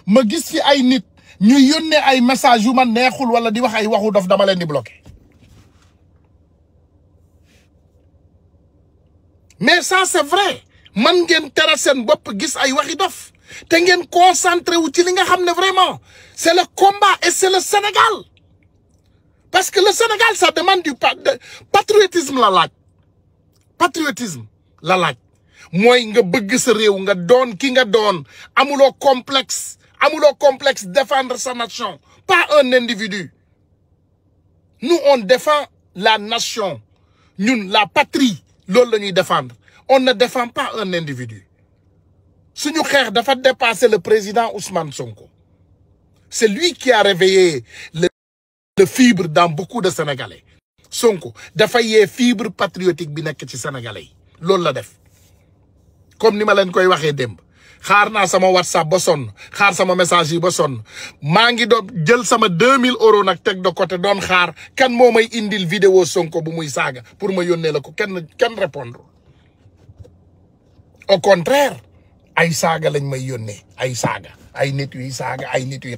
ma gis fi ay nit ñu yonne ay message yu man neexul wala di wax ay waxu daf dama len di bloquer mais ça c'est vrai man ngeen tere bop gis ay waxi daf te concentré ou ci li nga vraiment c'est le combat et c'est le Sénégal parce que le Sénégal ça demande du patriotisme la lac. patriotisme la lac. Moi nga bëgg sa réew nga doon ki nga doon amulo complexe amulo complexe défendre sa nation pas un individu nous on défend la nation ñun la patrie lool lañuy défendre on ne défend pas un individu suñu xeex dafa dépasser le président Ousmane Sonko c'est lui qui a réveillé le fibre dans beaucoup de sénégalais Sonko a fibre patriotique bi sénégalais la def comme ni whatsapp message 2000 euros nak tek de côté kan vidéo Sonko pour ma ko répondre au contraire ay saga lañ may yónnee ay saga ay nit yuy saaga ay nit yuy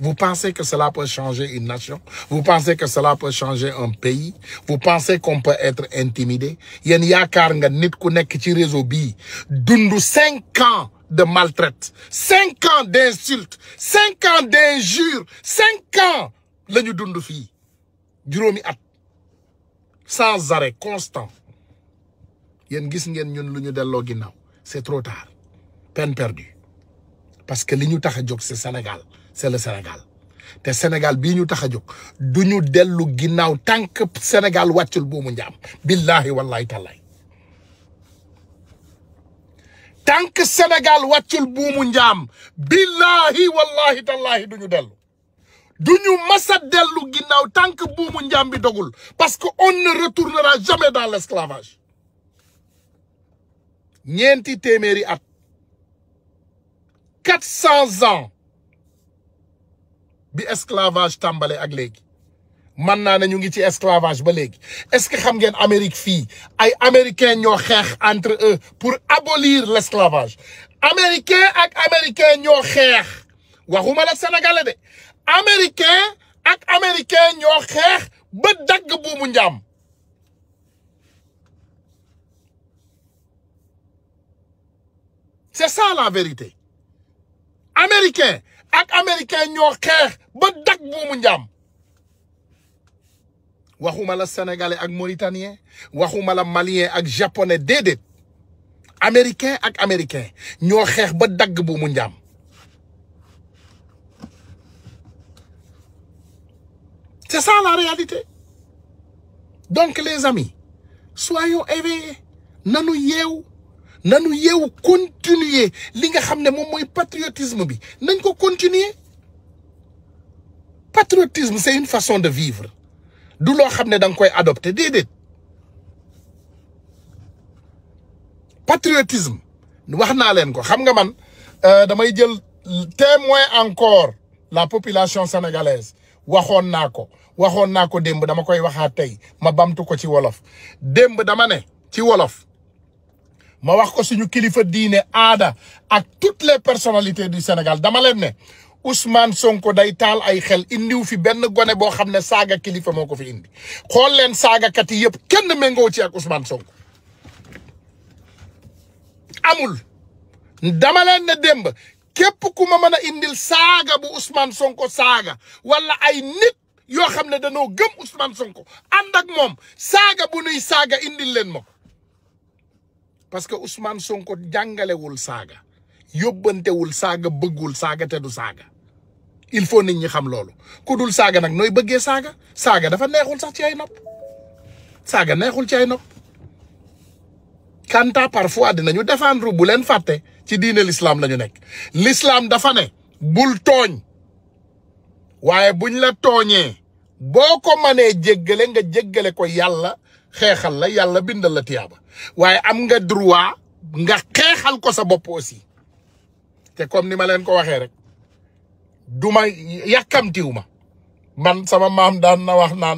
vous pensez que cela peut changer une nation vous pensez que cela peut changer un pays vous pensez qu'on peut être intimidé Yen yakar nga nit ku nek ci réseau bi dundu cinq ans de maltraite cinq ans d'insultes cinq ans d'injures cinq ans lañu ñu dund fii at sans arrêt constant Yen gis ngeen ñun luñu ñu delloo c'est trop tard peine perdue parce que li ñu tax Sénégal c'est le Sénégal te Sénégal bii ñu tax a jóg du ñu dellu Sénégal wàccul buumu njaam billahi wallahi tallaay tànk Sénégal wàccul buumu njaam billahi wallahi tallahi du ñu dellu du ñu mas tant que ginnaaw tànk bi dogul parce que ne retournera jamais dans l'esclavage Nienti Temeri at 400 ans bi esclavage tàmbale ak légui. esclavage est-ce que xam ngeen Amérique américains entre eux pour abolir l'esclavage Américains et Américains ñoo xeex waxuma la de américain ak américain ñoo ba c'est ça la vérité américain et américain nous, xeex ba dag nous Nous waxuma sénégalais ak mauritanien nous malien japonais américain ak américain ñoo ba nous c'est ça la réalité donc les amis soyons éveillés Nous nous nous yeu continuer li nga patriotisme bi Nengo ko continuer patriotisme c'est une façon de vivre du lo dang koy adopter patriotisme wax ko xam man euh, damay jël témoin encore la population sénégalaise waxon nako waxon nako demb dama koy ma bamtu ko ci wolof demb dama ne wolof ma wax ko ñu kilifa diine aada ak toutes les personnalités du senegal dama leen ne Ousmane Sonko day taal ay xel indiw fi benn gone boo xam ne saaga kilifa moo ko fi indi xool leen saagakat yi yëpp kenn méngoo ci ak Ousmane Sonko amul dama leen ne démb képp ku ma mën a indil saaga bu Ousmane Sonko saaga wala ay nit yoo xam ne danoo gëm Ousmane Sonko ànd ak moom saaga bu nuy saaga indil leen ma parce que Ousmane Sonko jàngalewul saaga yóbbantewul saaga bëggul saaga te du saaga il faut nit ñi xam loolu ku dul saaga nag nooy bëggee saaga saaga dafa neexul sax ci ay nopp saaga neexul ci ay nopp kanta parfois dinañu défendre bu leen fàtte ci diine lislaam la ñu nekk lislaam dafa ne bul tooñ waaye buñ la tooñee boo ko mënee jéggale nga jéggale ko yàlla xeexal la yàlla bindal la tiyaaba waye am nga droit nga xeexal ko sa bop aussi té comme ni ma len ko waxé rek duma yakamtiwuma man sama maam daan na wax euh,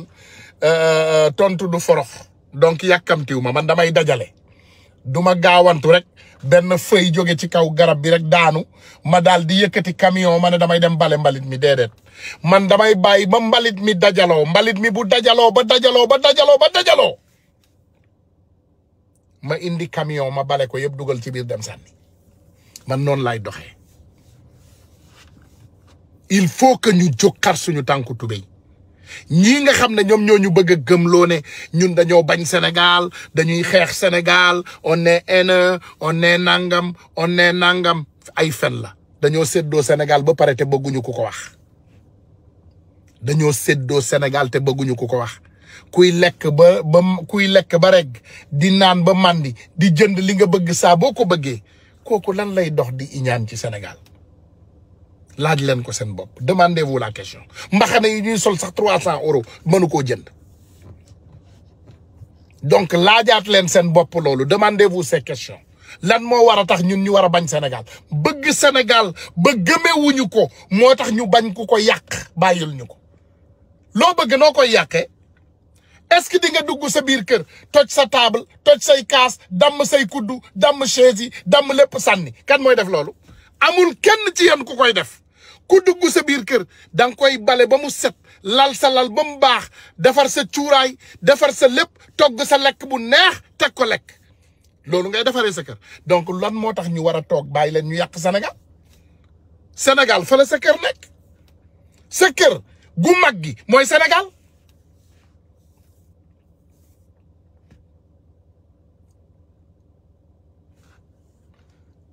euh tontu du forox donc yakamtiwuma ma man damay dajalé duma gawantou rek ben feuy jóge ci kaw garab bi rek daanu ma dal di yëkëti camion ma damay dem bale mbalit mi déedéet man damay bàyyi ba mbalit mi dajalo mbalit mi bu dajalo ba dajalo ba dajalo ba dajalo. ma indi camion ma bale ko yëpp dugal ci bir dem sànni man non lay doxee il faut que ñu jóg xar suñu tànku tubéy ñi nga xam ñom ñoom ñoo ñu bëgg gëm loone ñun dañoo bañ Sénégal dañuy xex Sénégal on est haineux on est nangam on est nangam ay fen la dañoo seddo Sénégal ba pare te bëgguñu ku ko wax dañoo seddo Sénégal té bëgguñu ku ko wax kuy lekk ba ba kuy lekk ba rek di naan ba màndi di jënd li nga bëgg saa boo ko bëggee kooku lan lay dox di iñaan ci senegal laaj leen ko seen bopp demandez-vous la question mbaxane yi ñuy sol sax trois cent euros mënu koo jënd donc laajaat leen seen bopp loolu demandez-vous ces questions lan moo war a tax ñun ñu war a bañ senegal bëgg Sénégal ba gëmewuñu ko moo tax ñu bañ ku ko yàq bàyyil ñu ko loo bëgg noo koy yàqee est-ce que di nga dugg sa biir kër toj sa taabal toj say kaas damm say kuddu damm chaise yi damm lépp sànni kan mooy def loolu amul kenn ci yéen ku koy def ku dugg sa biir kër danga koy bale ba mu set lal sa lal ba mu baax defar sa cuuraay defar sa lépp togg sa lekk bu neex teg ko lekk loolu ngay defaree sa kër donc lan moo tax ñu war a toog bàyyi leen ñu yàq senegal Sénégal fa la sa kër nekk sa kër gu mag gi mooy Sénégal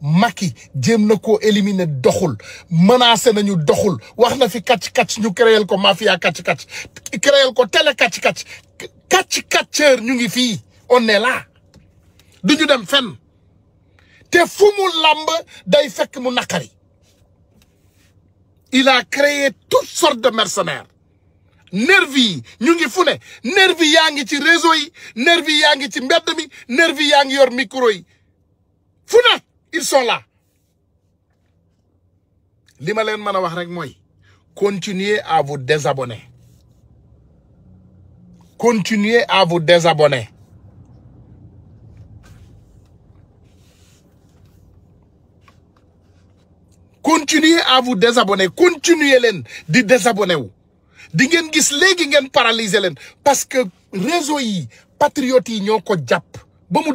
Macky jéem na koo éliminer doxul menacé nañu doxul wax na fi kàcc kàcc ñu créel ko mafia kàcc kàcc créel ko télé kàcc kàcc kàcc kàcceur ñu ngi fii on est du ñu dem fenn te fu mu làmb day fekk mu naqari il a créé toutes sortes nervi yi ñu ngi fu ne nervi yaa ngi ci réseau yi nervi yaa ngi ci mbedd mi nervi yaa ngi yor micro yi fu ne ils sont là li ma vous veux wax continuez à vous désabonner continuez à vous désabonner continuez à vous désabonner continuez les de désabonner di ngeen gis vous paralyser parce que réseau réseaux patriotes yi ñoo ko jàpp ba mu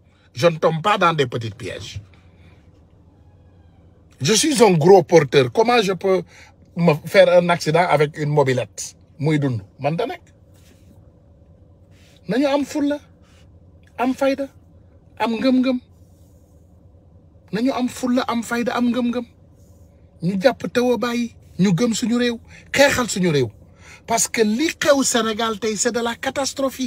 je ne tombe pas dans des petits pièges. Je suis un gros porteur. Comment je peux me faire un accident avec une mobilette muy dund man da am fulla am fayda am ngëm-ngëm nañu am fulla am fayda am ngëm-ngëm ñu japp tawo a nous ñu gëm suñu rew, xeexal suñu rew. parce que li au Sénégal tay c'est de la catastrophe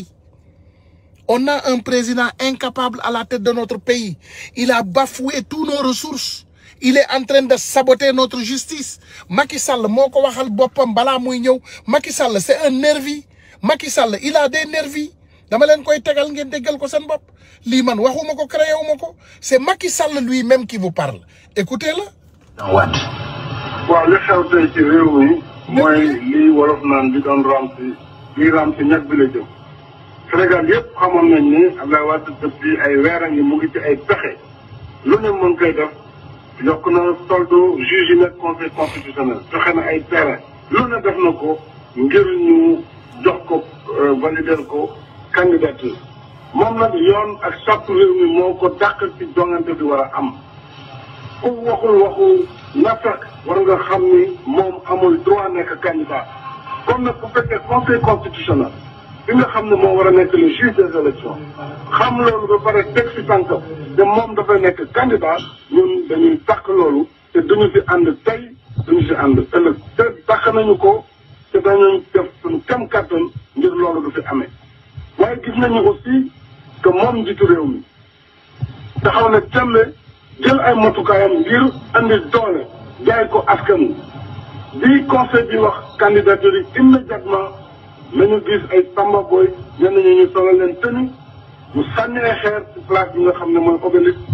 on a un président incapable à la tête de notre pays. Il a bafoué toutes nos ressources. Il est en train de saboter notre justice. Macky Sall, moko waxal bopam bala muy ñew. Macky Sall, c'est un nervi. Macky Sall, il a des nervis. dama leen koy tégal ngeen déggal ko seen bop. Li man waxumako c'est Macky Sall lui-même qui vous parle écoutez-le. What? waaw le xew tey ci réew mi mooy lii wolof naan di doon ram ci lii ram bi la Sénégal yëpp xamoon nañ ni Abdoulaye Wade depuis ay weer a ngi mu ngi ci ay pexe lu ne mu ngi koy def yokk na soldo juge yi nag conseil constitutionnel na ay terrain lu ne def na ko ngir ñu jox ko euh, valider ko candidature moom na yoon ak sàpp réew mi moo ko fi ci jongante bi war a am ku waxul waxu nafaq war nga xam ni moom amul droit nekk candidat kon nag bu fekkee conseil bi nga xam ne moo war a nekk le juge des élections xam loolu ba pare teg si tànkam te moom dafay nekk candidat ñun dañuy takk loolu te duñu si ànd tey duñu si ànd ëllëg te takk nañu ko te dañu def suñ kam kàttan ngir loolu du fi amee waaye gis nañu aussi que moom njiitu réew mi taxaw na tembe jël ay matukaayam ngir andi doole jaay ko askan wi conseil bi wax candidature yi immédiatement nañu gis ay Tamba boy ñenn ñi ñu solal leen tenu ñu sànni ay xeer ci place bi nga xam ne mooy obélisque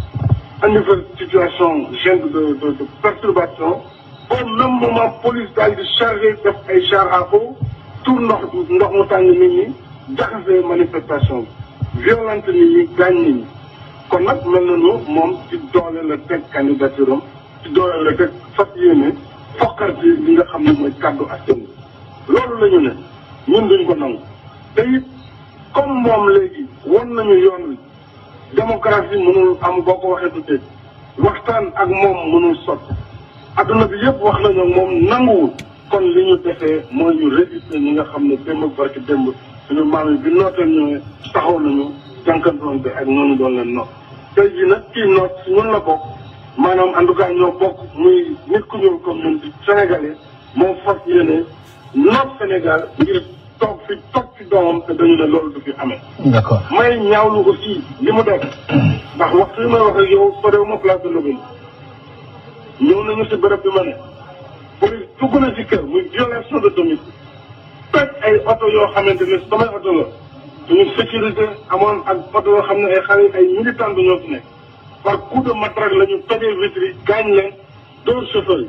andi fa situation gêne de de de perturbation. au même moment police daal di chargé def ay char à tour ndox ndox mu tàng nit ñi jaxasee manifestation bi. nit ñi gaañ nit ñi kon nag mel na ñu moom ci doole la teg candidature ci doole la teg fas yéene fokkar ci li nga xam ne mooy kàddu askan loolu la ñu ñun duñ ko nangu te it comme moom léegi wan nañu yoon wi démocratie mënul am boo ko waxee tuddee waxtaan ak moom mënul sot adduna bi yëpp wax nañu moom nanguwul kon li ñu defee mooy ñu résister ñi nga xam ne démb barki démb suñu maam yi bi nootee ñëwee ñu nañu jànkandoon bi ak noonu doon leen noot tey jii nag kii noot si ñun la bokk maanaam en tout cas ñoo bokk muy nit ku ñuul comme ñun di Sénégalais moo fas yéene noot Sénégal ngir toog fi toog ci doomam te dañu ne loolu du fi amee. d'accord may ñaawlu ko fii li mu def. ndax waxtu bi may wax ak yow soriw ma place de Louga ñëw nañu si bërëb bi ma ne. police dugg na si kër muy violation de domicile. toj ay oto yoo xamante ne samay oto la. suñu sécurité amoon ak oto yoo xam ne ay xale ay militant ñoo fi nekk. par coup de lañu la ñu tojee vitres yi gaañ leen dóor chauffeur yi.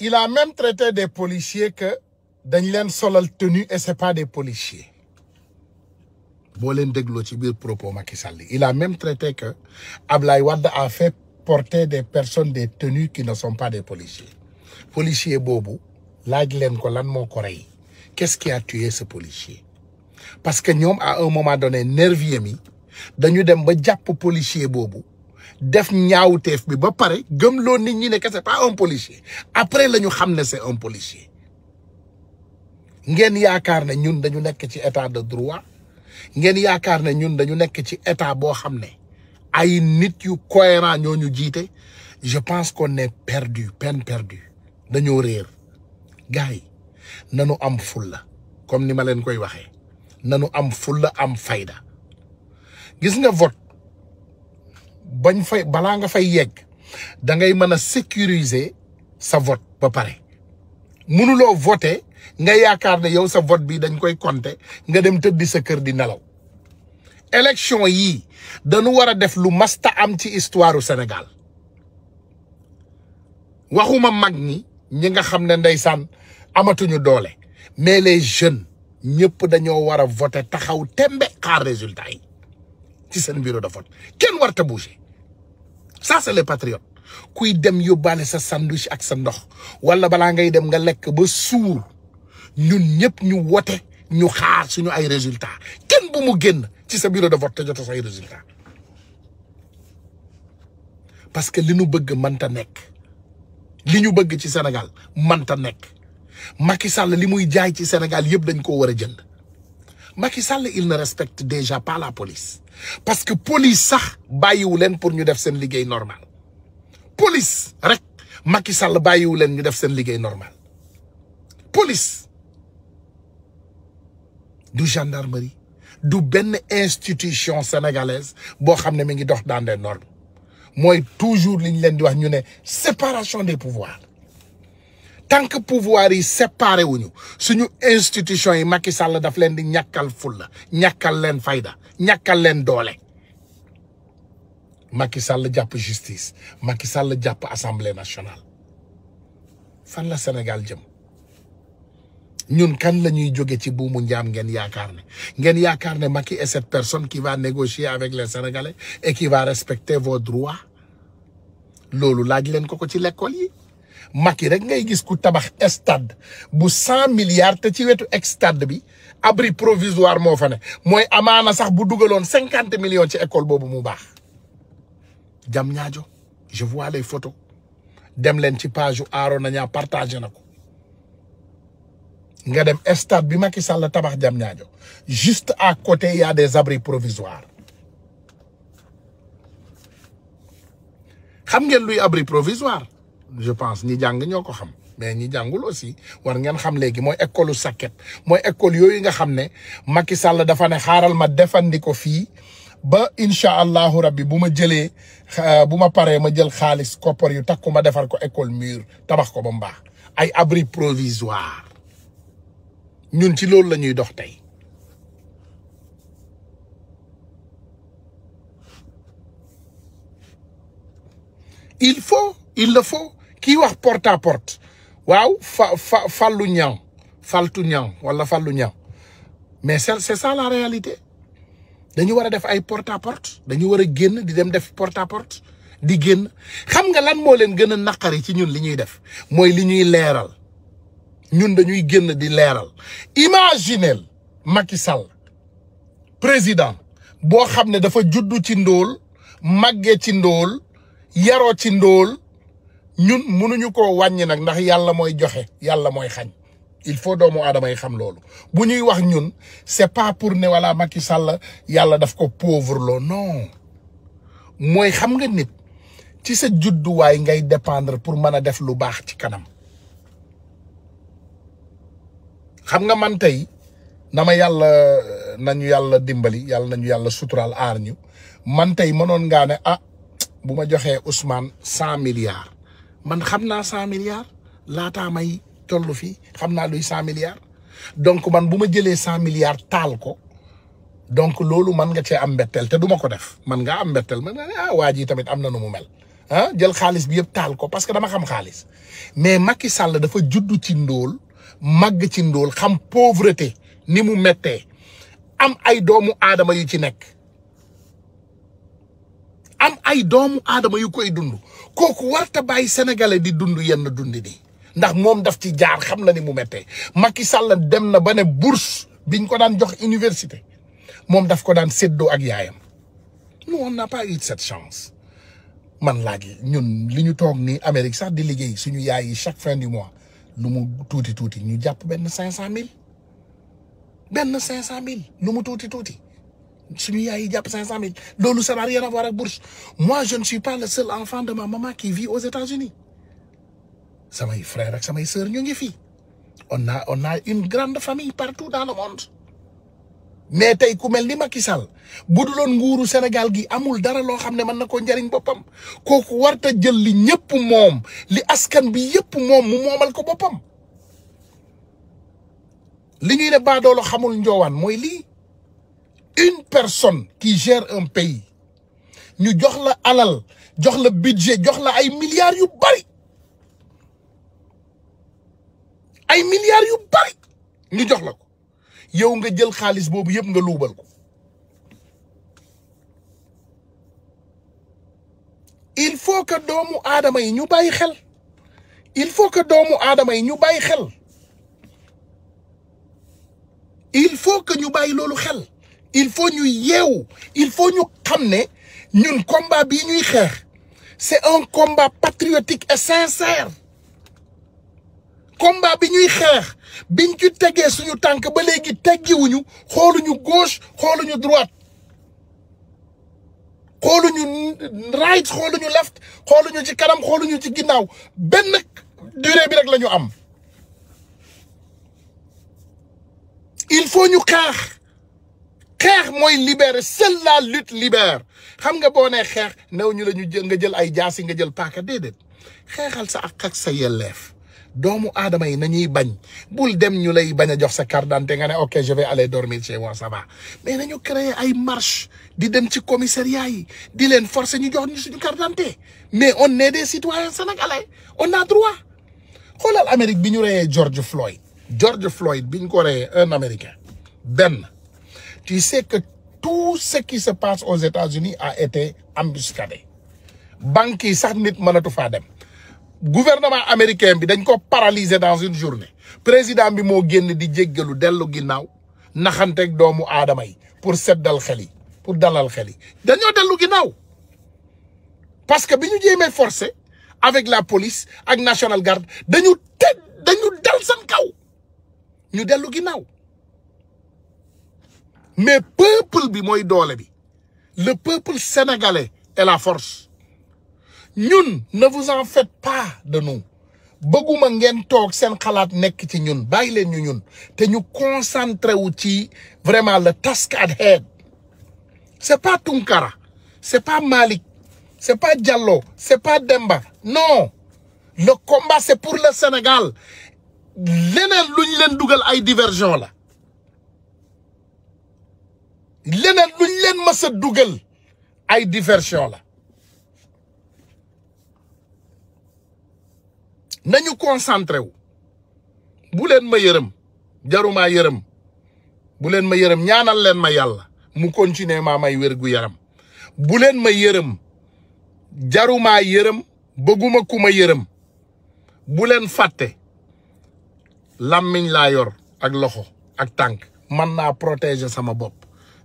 il a même traité des policiers que dañ solal tenue et c'est pas des policiers propos il a même traité que Ablaye Wade a fait porter des personnes des tenues qui ne sont pas des policiers policier bobo, là leen ko lan moo ko rey qu'est-ce qui a tué ce policier parce que ñoom à un moment donné nervier mi dañu dem ba pour policier bobo def ñaawteef bi ba nit c'est pas un policier après la c'est un policier ngeen yaakaar ne ñun dañu nekk ci état de droit ngeen yaakaar ne ñun dañu nekk ci état boo ay nit yu cohérent je pense qu'on est perdu peine perdu, de réer gars nanu am fulla comme ni ma nanu am fulla am fayda gis bañ fay balaa nga fay yegg da ngay mën a sécuriser sa vote ba pare mënuloo voter nga yaakaar ne yow sa vote bi dañ koy compter nga dem tëddi sa kër di nelaw élection yii dañu war a def lu masta am ci histoire u Sénégal waxuma mag ñi ñi nga xam ne ndeysaan amatuñu doole mais les jeunes ñëpp dañoo war a voter taxaw tembe xaar résultat yi ci seen bureau de vote kenn warta bouger ça c'est les patriotes Qui dem yóbbaale sa sandwich ak sa ndokh. wala balaa ngay dem nga lekk ñun nous wote ñu xaar résultats bu mu ci sa bureau de vote résultats parce que li ñu bëgg manta nek. li ñu bëgg ci Sénégal manta nek. Macky Sall li muy jaay ci Sénégal il ne respecte déjà pas la police parce que police sax bayou len pour ñu def sen liguey normal police rek Macky Sall bàyyiwu leen ñu def sen liguey normal police du gendarmerie du ben institution sénégalaise bo xamné ne mi ngi dox dans des normes Moi, toujours li ñu leen di wax ñu séparation des pouvoirs tant que pouvoir yi séparé wuñu suñu institution yi Macky Sall daf leen di ñàkkal fulla ñàkkal leen fayda ñàkkal len doole Macky Sall japp justice Macky Sall japp assemblée nationale fan la Sénégal jëm ñun kan lañuy joggé ci boumu njaam ngeen yaakaar ne ngeen yaakaar ne Macky est cette personne qui va négocier avec les Sénégalais et qui va respecter vos droits lolu laaj len ko ko ci l'école yi Macky rek ngay gis ku tabax stade bu 100 milliards te ci ex stade bi abri provisoire moo fa ne mooy amaana sax bu dugaloon cinquante millions ci école bobu mu bax jam je vois les photos dem len ci page aro Arona Niang na nga dem stade bi Macky Sall tabax jam juste à côté il y a des abris provisoires xam ngeen luy abri provisoire je pense ni jang ñoko xam mais ñi jàngul aussi war ngeen xam léegi mooy école sàkket mooy école yooyu nga xam ne Macky sàll dafa ne xaaral ma defandi ko fii ba incha allahu rabbi bu ma jëlee euh, bu ma paree ma jël xaalis koppar yu takku ma defar ko école mur tabax ko ba mu baax ay abri provisoire ñun ci loolu la ñuy dox tey il faut il le faut kii wax porte à porte waaw fa fa fàllu ñaw faltu ñaw wala fallu ñaw mais c'est c'est ça la réalité dañu war a def ay porta à porte war a génn di dem def porta à di génn xam nga lan moo leen gën a naqari ci ñun li ñuy def mooy li ñuy leeral ñun dañuy génn di leeral imaginel Macky Sall président boo xam ne dafa juddu ci ndóol màggee ci ndóol yaroo ci ndóol ñun mënuñu ko wañi nak ndax yalla moy joxe yalla moy xagn il faut doomu aadama yi xam lolu bu ñuy wax ñun c'est pas pour ne wala Macky Sall yalla daf ko pauvre lo non moy xam nga nit ci sa way ngay dépendre pour mëna def lu baax ci kanam xam nga man tay na yalla nañu yalla dimbali yalla nañu yalla sutural arñu man tay mënon nga ne ah bu joxé Ousmane 100 milliards man xam naa cent milliards laataa may toll fii xam naa luy cent milliards donc man bu ma jëlee cent milliards taal ko donc loolu man nga cee am mbetteel te duma ko def man nga am mbetteel man ah waa ji tamit am na nu mu mel ah jël xaalis bi yëpp taal ko parce que dama xam xaalis mais Macky Sall dafa juddu ci ndóol màgg ci ndóol xam pauvreté ni mu mettee am ay doomu aadama yu ci nekk am ay doomu aadama yu koy dund kooku warta bàyyi sénégalais di dund yenn dundi nii ndax moom daf ci jaar xam na ni mu méttee Macky Sall dem na ba ne bourse biñ ko daan jox université moom daf ko daan séddoo ak yaayam nous on n'a pas eu chance man laaj ñun li ñu toog nii Amérique sax di liggéey suñu yaay yi chaque fin du mois lu mu tuuti tuuti ñu jàpp benn cinq cent mille benn cinq cent mille lu mu tuuti tuuti je lui ai dit 500 000. Donc, ça n'a rien à voir avec bourse. Moi, je ne suis pas le seul enfant de ma maman qui vit aux États-Unis. Ça m'a frère, ça m'a sœur, on a, on a une grande famille partout dans le monde. mais tay ku mel ni Macky Sall bu Sénégal gi amul dara lo xam ne mën na koo njariñ boppam kooku warta jël li ñëpp moom li askan bi yëpp moom mu moomal ko boppam li ñuy ne moili. xamul une personne qui gère un pays ñu jox la alal jox la budget jox la ay milliards yu bari ay milliards yu bari ñu jox la ko yow nga jël xaliss bobu yëpp nga luubal ko il faut que doomu adamay ñu bàyyi xel il faut que doomu adamay ñu bàyyi xel il faut que ñu bàyyi lolu xel il faut nous yeewu il faut nous amener nous combat c'est un combat patriotique et sincère combat bi ñuy xeex biñ ci que suñu tànk ou nous, teggiwuñu nous gauche nous droite nous right nous left nous ci ci ginnaw. Ben, durée bi rek la il faut nous car. xeex mooy libérer seule la lutte libère xam nga boo nee xeex new ñu lañu jël nga jël ay jaasi nga jël paaka déedéet xeexal sa ak ak sa yelleef doomu aadama yi nañuy bañ bul dem ñu lay bañ a jox sa carte nga ne ok je vais aller dormir chez moi ça va mais nañu créer ay marche di dem ci commissariat yi di leen forcer ñu jox ñu suñu carte d'identité mais on est des citoyens sénégalais on a droit xoolal Amérique bi ñu reyee George Floyd George Floyd bi ñu ko benn tu sais que tout ce qui se passe aux États-Unis a été embuscadé banque ça sax nit été fait. dem gouvernement américain bi dañ ko paralysé dans une journée président bi été dit di le président a été doomu pour seddal xel pour dalal Khali. Daniel, dañoo parce que si nous sommes forcé avec la police avec la national guard dañu te dañu dal seen kaw ñu des choses mais peuple bi le peuple sénégalais est la force ñun ne vous en faites pas de nous bëgguma ngeen toog sen xalaat nekk ci ñun bàyyi concentré vraiment le task at hand c'est pas Tunkara c'est pas Malick c'est pas Diallo c'est pas Demba non le combat c'est pour le Sénégal leneen luñ leen dugal ay diversion leneen luñ leen ma a dugal ay diversion la nañu concentré wu bu leen ma yërëm jarumaa yërëm bu leen ma yërëm ñaanal leen ma yàlla mu continuer maa may wér gu yaram bu ma yërëm jaruma yërëm bëgguma ku ma yërëm bu leen fàtte làmmiñ laa yor ak loxo ak tànk man naa protéger sama bopp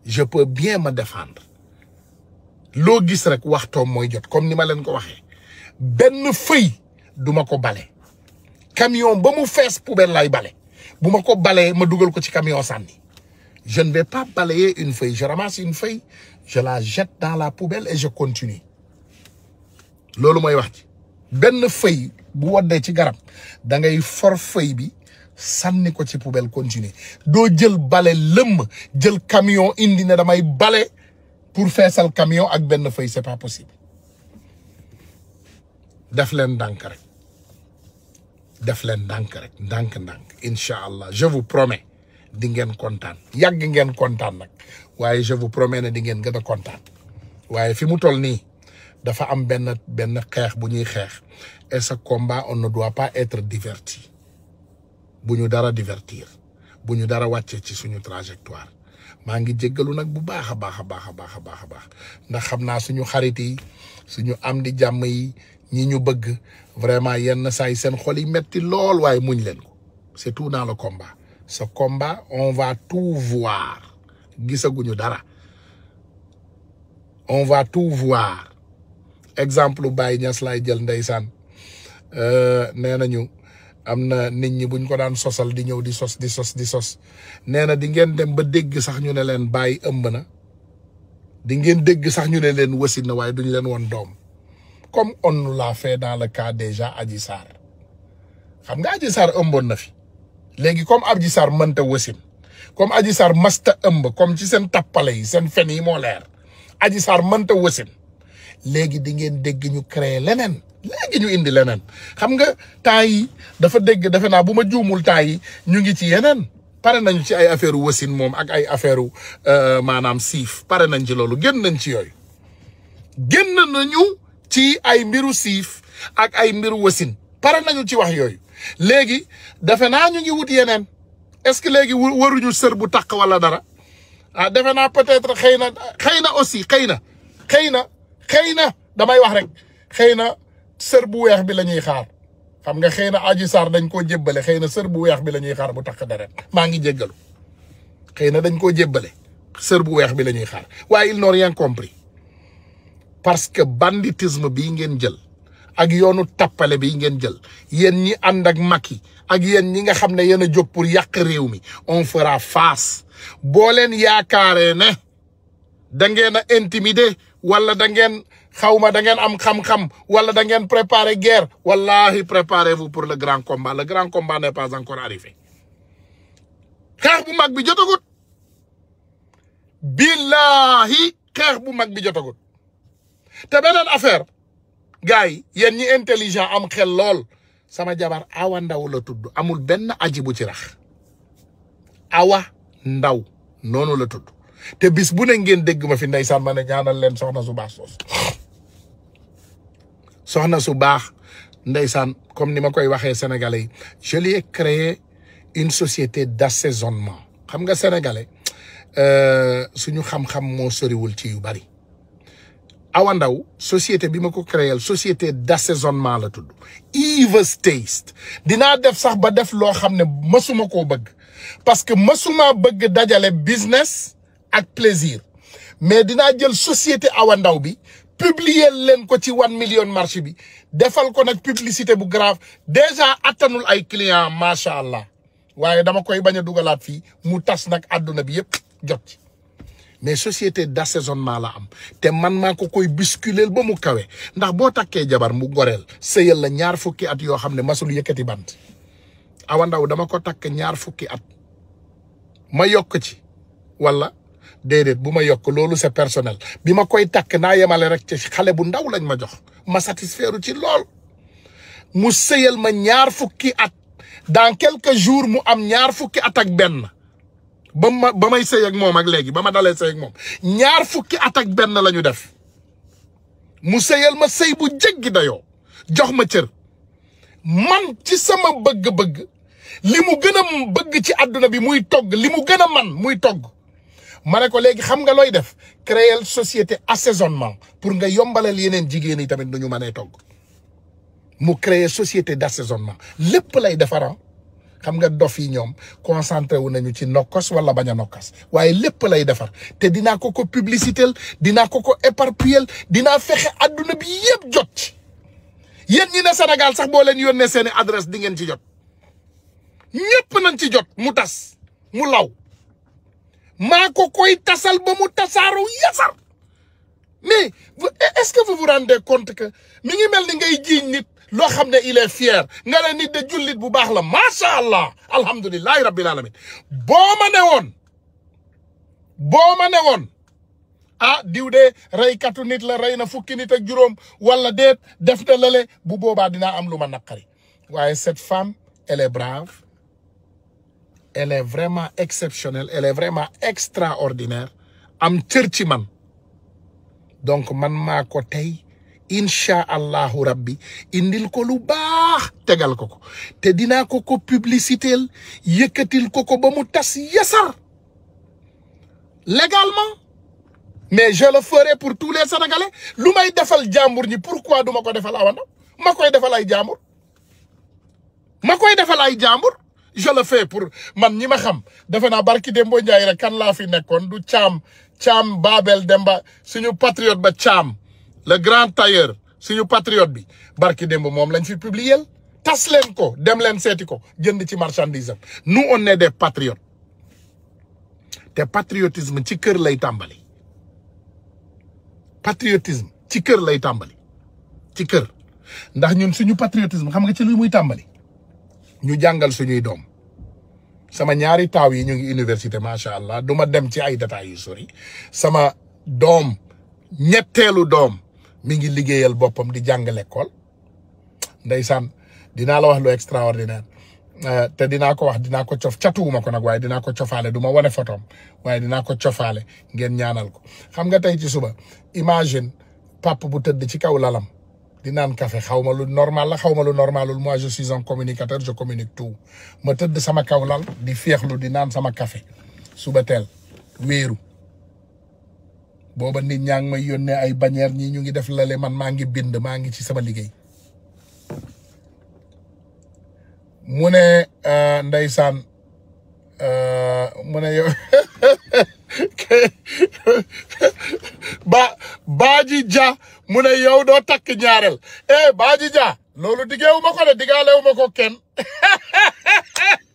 je peux bien me défendre Lo gis rek waxtoom moy jot comme nima len ko waxe. Ben feuille camion ba mu poubelle lay bale Buma ma ko balee ma dougal ko ci camion je ne vais pas balayer une feuille je ramasse une feuille je la jette dans la poubelle et je continue Lolou moy wax ci benn feuille bu woddee ci garab da ngay for feuille bi sànni ko ci poubelle continuer do jël bale leum jël camion indi na damay bale pour feesal camion ak benn feuille c'est pas possible def len dank rek def len dank rek dank dank inshallah je vous promets di ngène kontaan yag ngène content nak waye je vous promets né di ngène gëna a waye fi mu toll ni dafa am ben ben xex bu ñuy et ce combat on ne doit pas être diverti buñu dara divertir buñu dara wacce ci suñu trajectoire ma ngi djegalu nak bu baakha baakha baakha baakha baakha baax ndax xamna suñu xarit yi suñu am di jamm yi ñi ñu bëgg vraiment yenn say seen xol yi metti lool way muñ leen ko c'est tout dans le combat ce combat on va tout voir gisaguñu dara on va tout voir exemple bay ñas lay jël ndeysaan euh, nee nañu am na nit ñi buñ ko daan sosal di ñëw di sos di sos di sos nee na di ngeen dem ba dégg sax ñu ne leen bàyyi ëmb na di ngeen dégg sax ñu ne leen wasin na waaye duñ leen woon doom comme on nous l'a fait dans le cas déjà Adji Sarr xam nga Adji Sarr ëmboon na fi léegi comme Adji Sarr mënta wasin comme Adji Sarr masta ëmb comme ci seen tappale yi seen fen yi moo leer Adji Sarr mënta wasin léegi di ngeen dégg ñu créer leneen léegi ñu indi leneen xam nga temps yi dafa dégg defe naa bu ma juumul temps yi ñu ngi ci yeneen pare nañu ci ay affaire wasin moom ak ay affaire euh, maanaam siif pare nañ ci loolu génn nañ ci yooyu génn nañu ci ay mbiru siif ak ay mbiru wasin pare nañu ci wax yooyu léegi defe naa ñu ngi wut yeneen est-ce que léegi waruñu sër bu taq wala dara ah defe naa peut-être xëy na xëy na aussi xëy na xëy na xëy na damay wax rek xëy na sër bu weex bi la ñuy xaar xam nga xëy na Adji Sarr dañ koo jébbale xëy na sër bu weex bi la ñuy xaar bu tax deret maa ngi jéggalu xëy na dañ koo jébbale sër bu weex bi la ñuy xaar waaye ils n'ont rien compris parce que banditisme bii ngeen jël ak yoonu tappale bii ngeen jël yéen ñi ànd ak Macky ak yéen ñi nga xam ne yéen a jóg pour yàq réew mi on fera face boo leen yaakaaree ne da ngeen a intimider walla dangeen xawma da ngeen am xam-xam wala da ngeen préparer guerre wallahi préparez-vous pour le grand combat le grand combat n'est pas encore arrivé xeex bu mag bi jotagut billahi xeex bu mag bi jotagut te benen affaire gaay yi ñi intelligent am xel lol sama jabar awa ndaw la tudd amul ben aji bu ci rax awa ndaw nonu la tudd te bis bu ne ngeen dégg ma fi ndaysan mané ñaanal leen soxna su soxna su baax ndeysaan comme ni ma koy waxee sénégalais je lui créé une société d'assaisonnement xam nga sénégalais euh, suñu xam-xam moo soriwul ci yu bari awandaw société bi ma ko créel société d'assaisonnement la tudd Eva's Taste dinaa def sax ba def loo xam ne mësuma koo bëgg parce que mësuma bëgg dajale business ak plaisir mais dinaa jël société awandaw bi publier leen ko ci one million marché bi defal ko nag publicité bu grave déjà attanul ay client macha allah waaye dama koy bañ a dugalaat fii mu tas nag àdduna bi yëpp jot ci mais société d'assaisonnement la am te man maa ko koy bousculer ba mu kawe ndax boo takkee jabar mu goreel sëyal la ñaar fukki at yoo xam ne masul yëkkati bant awa ndaw dama ko takk ñaar fukki at ma yokk ci wala déedéet bu ma yokk loolu c'est personnel bi ma koy takk naa yemale rek ci xale bu ndaw lañ ma jox ma satisfaire ci lool mu sëyal ma ñaar fukki at dans quelque jour mu am ñaar fukki at ak benn ba ma ba may sëy ak moom ak léegi ba ma dalee sëy ak moom ñaar fukki at ak benn la ñu def mu sëyal ma sëy bu jéggi dayoo jox ma cër man ci sama bëgg-bëgg li mu gën a bëgg ci àdduna bi muy togg li mu gën a man muy togg ma ne ko léegi xam nga looy def créer société assaisonnement pour nga yombalal yeneen jigéen yi tamit nu ñu mënee togg mu créer société d'assaisonnement lépp lay defaran ah. xam nga dof yi ñoom concentré wu nañu ci nokkos wala bañ a nokkas waaye lépp lay defar te dinaa ko ko publicitéel dinaa ko ko éparpiller dinaa fexe àdduna bi yëpp jot ci yéen ñi ne Sénégal sax boo leen yónnee seeni adresse di ngeen ci jot ñëpp nañ ci jot mu tas mu law maa ko koy tasal ba mu tasaaroo yasar mais est-ce que vous vous rendez mi ngi mel ni ngay jiiñ nit loo xam ne il est fier nga ne nit de jullit bu baax la macha allah alhamdulilahi rabbil alamin boo ma ne woon boo woon ah diw de reykatu nit la rey na fukki ak juróom wala déet def na lale bu boobaa dinaa am lu ma naqari waaye cette femme elle est brave elle est vraiment exceptionnelle elle est vraiment extraordinaire am cër ci man donc man maa ko tey incha allahu rabbi indil ko lu baax tegal ko ko te dinaa ko ko publicitéel yëkkatil ko ko ba mu tas yasar légalement mais je le ferai pour tous les sénégalais lu may defal jàmbur ñi pourquoi du ma ko defal awandam ma koy defal ay jàmbur ma koy defal ay jàmbur je le fais pour man ñima xam dafa na barki Dembo ndjay rek kan la fi nekkon du cham cham Babel Demba suñu patriote ba cham, le grand tailleur suñu patriote bi barki Dembo mom, lañ fi publier tas len ko dem len seti ko jënd ci marchandise nous on est des patriotes te patriotisme ci kër lay tambali patriotisme ci kër lay tambali ci kër ndax ñun suñu patriotisme xam nga ci lu muy tambali ñu jangal suñuy dom sama ñaari taaw yi ñu ngi université macha allah duma dem ci ay détails yu sori sama doom ñetteelu doom mi ngi liggéeyal boppam di jàng l'école ndeysaan dinaa la wax lu extraordinaire euh, te dinaa ko wax dinaa ko cof catuwuma ko nag waaye dinaa ko cofaale du ma wane photom waaye dinaa ko cofaale ngeen ñaanal ko xam nga tey ci suba imagine pap bu tëdd ci kaw lalam di nan café xawma lu normal la xawma lu normalul moi je suis un communicateur je communique tout ma teud sama kaw lal di féexlu di nan sama café suba tel wéeru booba nit ñang may yonne ay bannière ñi ñu ngi def man ma ngi bind ma ngi ci sama liggéey mune euh ndaysan euh mune yo <laughs> <laughs> ba Baaji Dia mu ne yow doo takk ñaarel eh Baaji Dia loolu diggéewu ma ko de diggaalewu ma ko ken <laughs>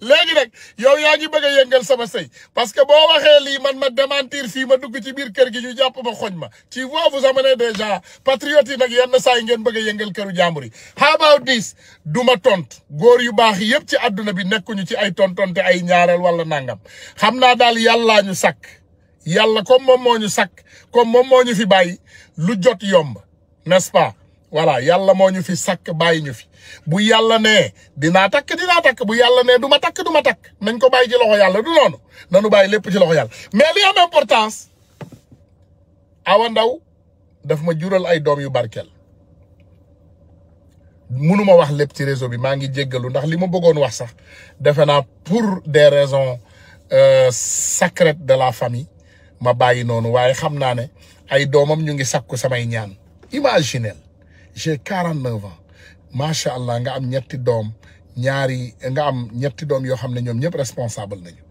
léegi nag yow yaa ngi bëgg a yëngal sama sëy parce que boo waxee lii man ma démentir fii ma dugg ci biir kër gi ñu jàpp ma xoñ ma ci vois sama ne déjà patriotes yi nag yenn saa yi ngeen bëgg a yëngal këru jàmbur yi how about this du ma tontu góor yu baax yëpp ci àdduna bi nekkuñu ci ay tontonte ay ñaareel wala nangam xam naa daal yàllaa ñu sakk yàlla comme moom moo ñu sakk comme moom moo ñu fi bàyyi lu jot yomb n'est-ce voilà yàlla moo ñu fi sakk bàyyi ñu fi bu yalla ne dina tak dina tak bu yalla ne duma tak duma tak nagn ko baye ci loxo yalla du noonu nanu baye lepp ci loxo yalla mais li am importance awandaw daf ma jural ay dom yu barkeel mënuma wax lepp ci réseau bi ma ngi jéggalu ndax li ma bëggoon wax sax defena pour des raisons euh, secrètes de la famille ma bàyyi nonu waye xam ne ay domam ñu ngi sakku samay ñaan imaginel j'ai 49 ans macha allah nga am ñetti doom ñaari nga am ñetti doom yoo xam ne ñoom ñëpp responsable nañu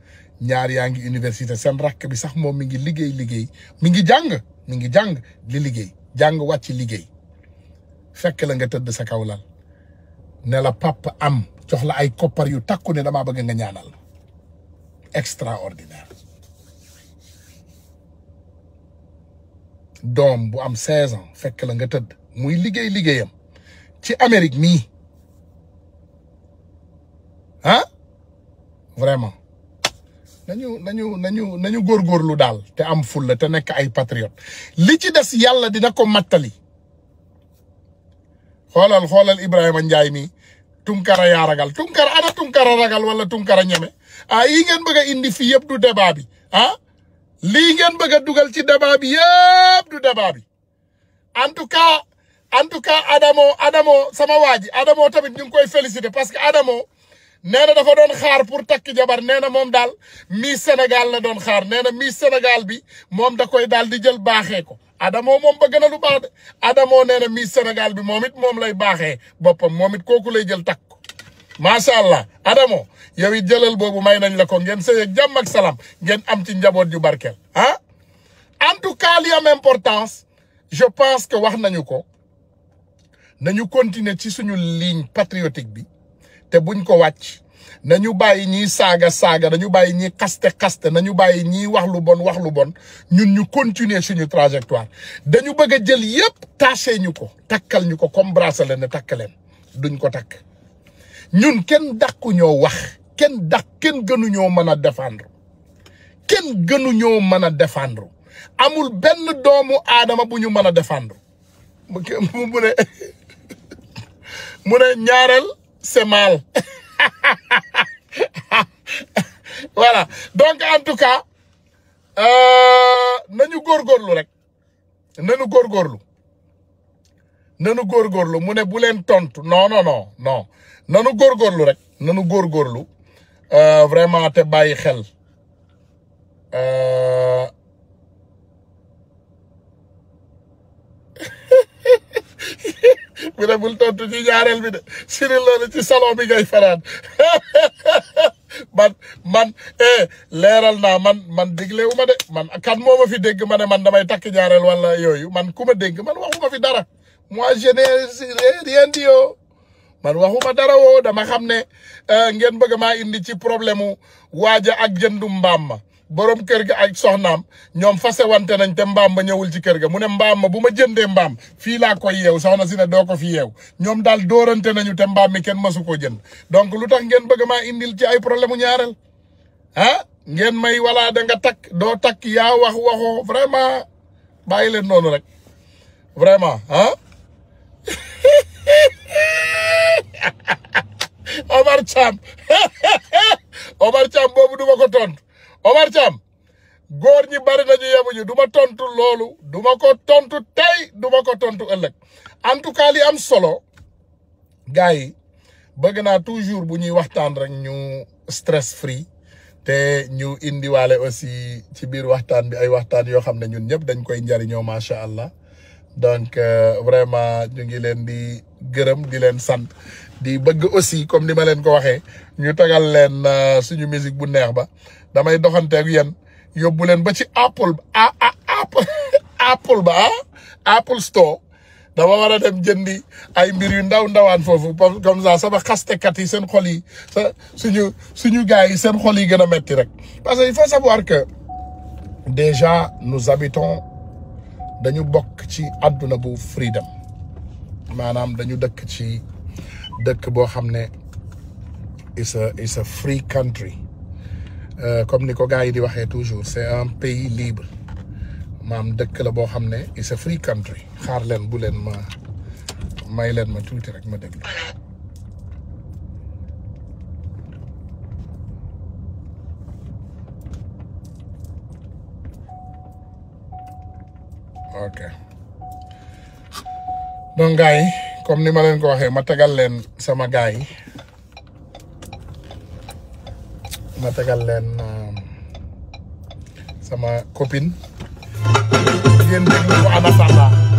ñaari yaa ngi université seen rakk bi sax moom mi ngi liggéey liggéey mi ngi jàng mi ngi jàng di liggéey jàng wàcc liggéey fekk la nga tëdd sa kaw lal ne la papa am jox ay koppar yu takku ne damaa bëgg nga ñaanal extraordinaire doom bu am 16 ans fekk la nga tëdd muy liggéey liggéeyam. ci Amérique mi ah vraiment nañu nañu nañu nañu lu dal te am te nek ay patriote li ci dess yalla dina ko matali xolal xolal Ibrahima Ndiaye mi Tunkara ya ragal Tunkara ana Tunkara ragal wala Tunkara ñame a ah, yi ngeen bëgg indi fi yeb du débat bi ah li ngeen bëgg duggal dugal ci débat bi yeb du débat bi en tout cas en tout cas Adamo Adamo sama waa ji Adamo tamit ñu ngi koy félicité parce que Adamo nee dafa doon xaar pour takki jabar nee na moom daal Miss Sénégal la doon xaar nee na Miss Sénégal bi moom da koy daal di jël baaxee ko Adamo moom bëgg na lu baax de Adamo nee na Miss Sénégal bi moom it moom lay baaxee boppam moom it kooku lay jël takk ko macha allah Adamo yow it jëlal boobu may nañ la ko ngeen sëy ak jàmm ak salaam ngeen am ci njaboot ju barkeel ah en tout cas li importance je pense que wax nañu ko ñu continuer ci suñu ligne patriotique bi te buñ ko wàcc na ñu bàyyi ñiy saaga saaga nañu bàyyi ñiy xaste xaste nañu bàyyi ñiy wax lu bon wax lu bon ñun ñu continuer suñu trajectoire dañu bëgg a jël yépp taché ñu ko takkal ñu ko comme bracelet ne takk leen duñ ko takk ñun kenn dàqu ñoo wax kenn dàq kenn gënuñoo mën a défendre kenn gënuñoo mën a défendre amul benn doomu aadama bu ñu mën a défendre mu ne <laughs> mu ne c'est mal <laughs> voilà donc en tout cas euh, nañu nous rek nañu Nous gorgons. nous mu ne bu nous tontu non non non non nous gorgons. rek nous gorgons. Euh, vraiment te xel euh, <laughs> mu ne bul tontu ci ñaareel bi de Cyril loolu ci salon bi ngay fanaan <laughs> man man eh leeral naa man man déglewu ma de man kan moo ma fi dégg ma ne man damay takk ñaareel wala yooyu man ku ma dégg man waxuma fi dara moi je n'ai rien dit yo oh. man waxuma dara woo oh. dama xam ne eh, ngeen bëgg maa indi ci problème mu waaja ak jëndu mbaam ma borom kër ga ak soxnaam ñoom fase wante nañ te mbaam ma ñëwul ci kër ga mu ne mbaam ma bu ma jëndee mbaam fii laa koy yeew soxna si ne doo ko fi yeew ñoom daal dóorante nañu te mbaam mi kenn masu koo jënd donc lu tax ngeen bëgg maa indil ci ay problème u ñaareel ah ngeen may wala da nga takk doo takk yaa wax waxoo vraiment bàyyi leen noonu rek vraiment ah <laughs> Omar Thiam <laughs> Omar Thiam boobu du ma ko Omar Cham góor ñi bari nañu yemuñu ñu duma tontu lolu duma ko tontu tay duma ko tontu ëlëk en tout cas li am solo gaay yi bëgg na toujours bu ñuy waxtaan rek ñu stress free té ñu indi walé aussi ci biir waxtaan bi ay waxtaan yo xamné ñun ñëpp dañ koy ma sha allah donc euh, vraiment ñu ngi leen di gërëm di leen sante di bëgg aussi comme ni ma leen ko waxee ñu tagal leen euh, suñu musique bu neex ba damay doxanteeg yéen yóbbu leen ba ci Apple a ah, ah, Apple <laughs> Apple ba ah Apple Store dama war a dem jëndi ay mbir yu ndaw ndawaan foofu comme saa sama xastekat yi seen xol yi sa suñu suñu gars yi seen xol yi gën a metti rek parce que il faut savoir que déjà nous habitons dañu bokk ci àdduna bu freedom maanaam dañu dëkk ci dëkk boo xam ne it's a it's a free country euh, comme ni ko gars yi di waxee toujours c'est un pays libre maam dëkk la boo xam ne it's a free country xaar leen bu leen ma may leen ma tuuti rek ma dégg. ok donc gars yi comme ni ma leen ko waxee ma tegal leen sama gaay yi ma tegal leen um, sama copine. ngeen déglu ko en attendant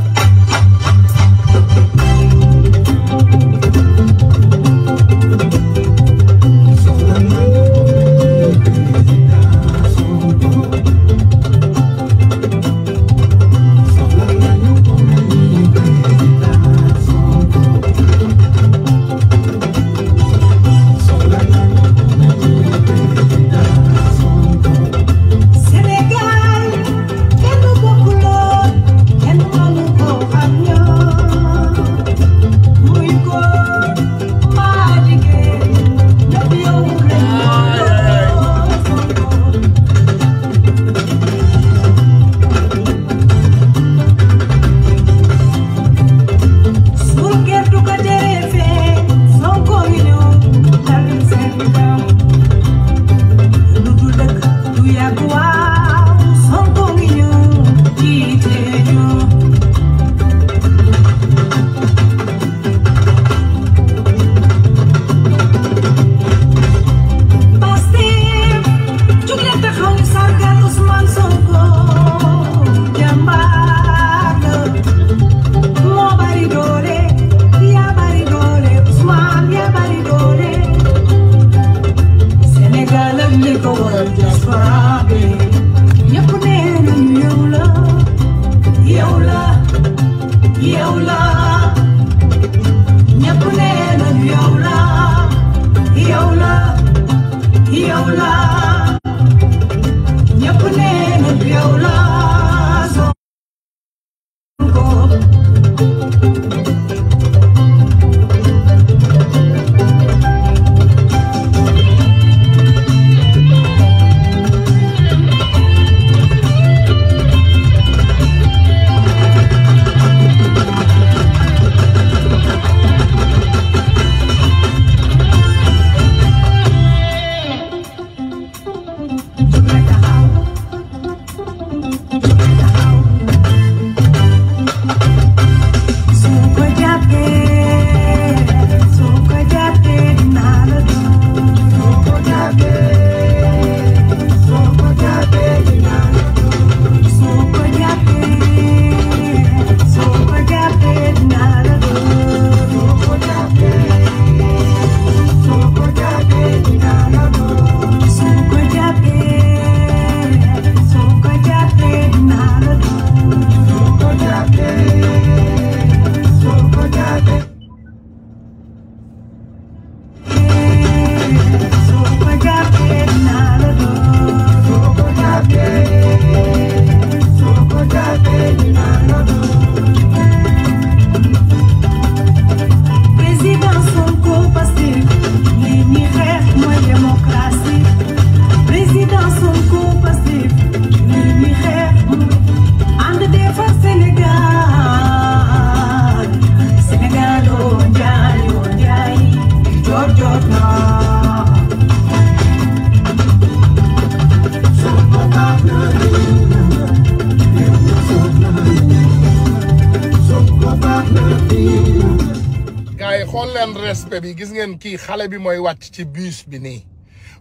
bi moy ci bus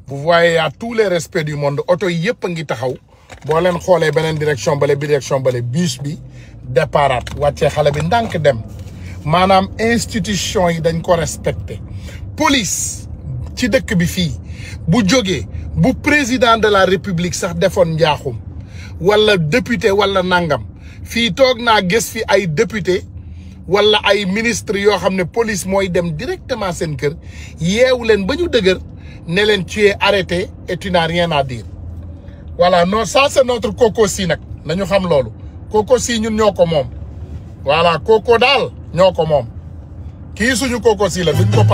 vous voyez à tous les respects du monde auto ngi taxaw direction bale bi direction bus bi départ xalé bi dem manam institution yi dañ ko police ci dëkk bi fi bu joggé bu président de la république sax wala député wala nangam fi tok na gis fi député wala ay ministre yoo xam ne police mooy dem directement seen kër yeewu leen ba ñu dëgër ne leen tu es arrêté et tu n'as rien à dire voilà non ça c'est notre Coco nag nañu xam loolu Coco ñun ñoo ko moom voilà Coco daal ñoo ko moom kii suñu Coco la duñ ko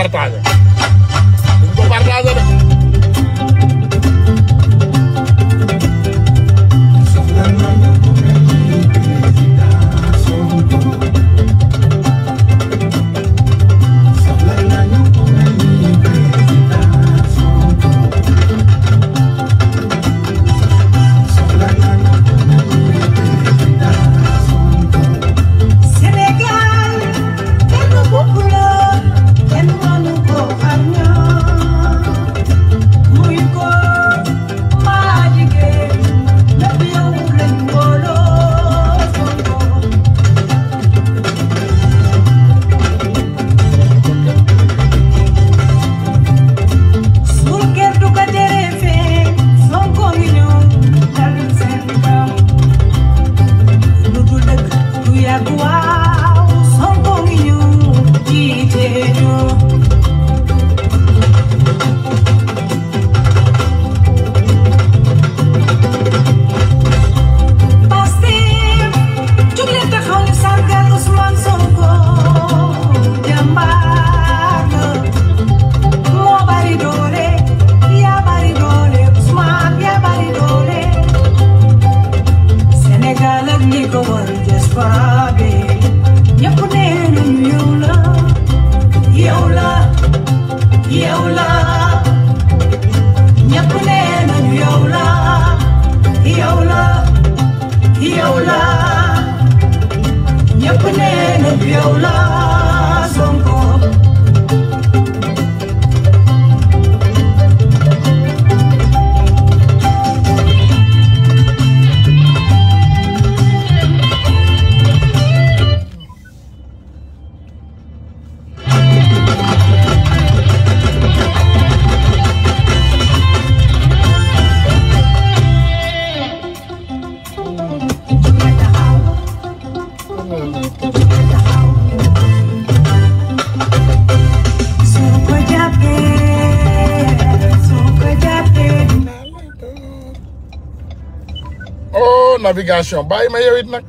délégation bàyyi ma yow it nag.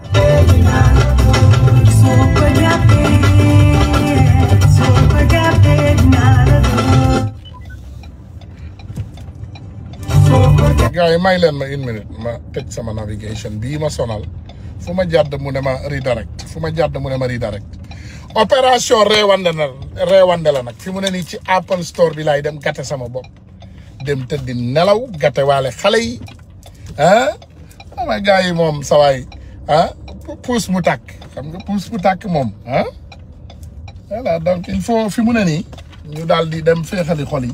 gars yi may leen ma une minute ma teg sama navigation bii ma sonal fu ma jàdd mu ne ma redirect fu ma jàdd mu ne ma redirect opération reewande la nag fi mu ne nii ci Apple Store bi laay dem gàtte sama bopp dem tëddi nelaw gàtte waale xale yi ah waaye gars yi moom sa waay ah puus mu tàkk xam nga puus mu tàkk moom ah voilà e donc il faut fi mu ne nii ñu daal di dem féexali xol yi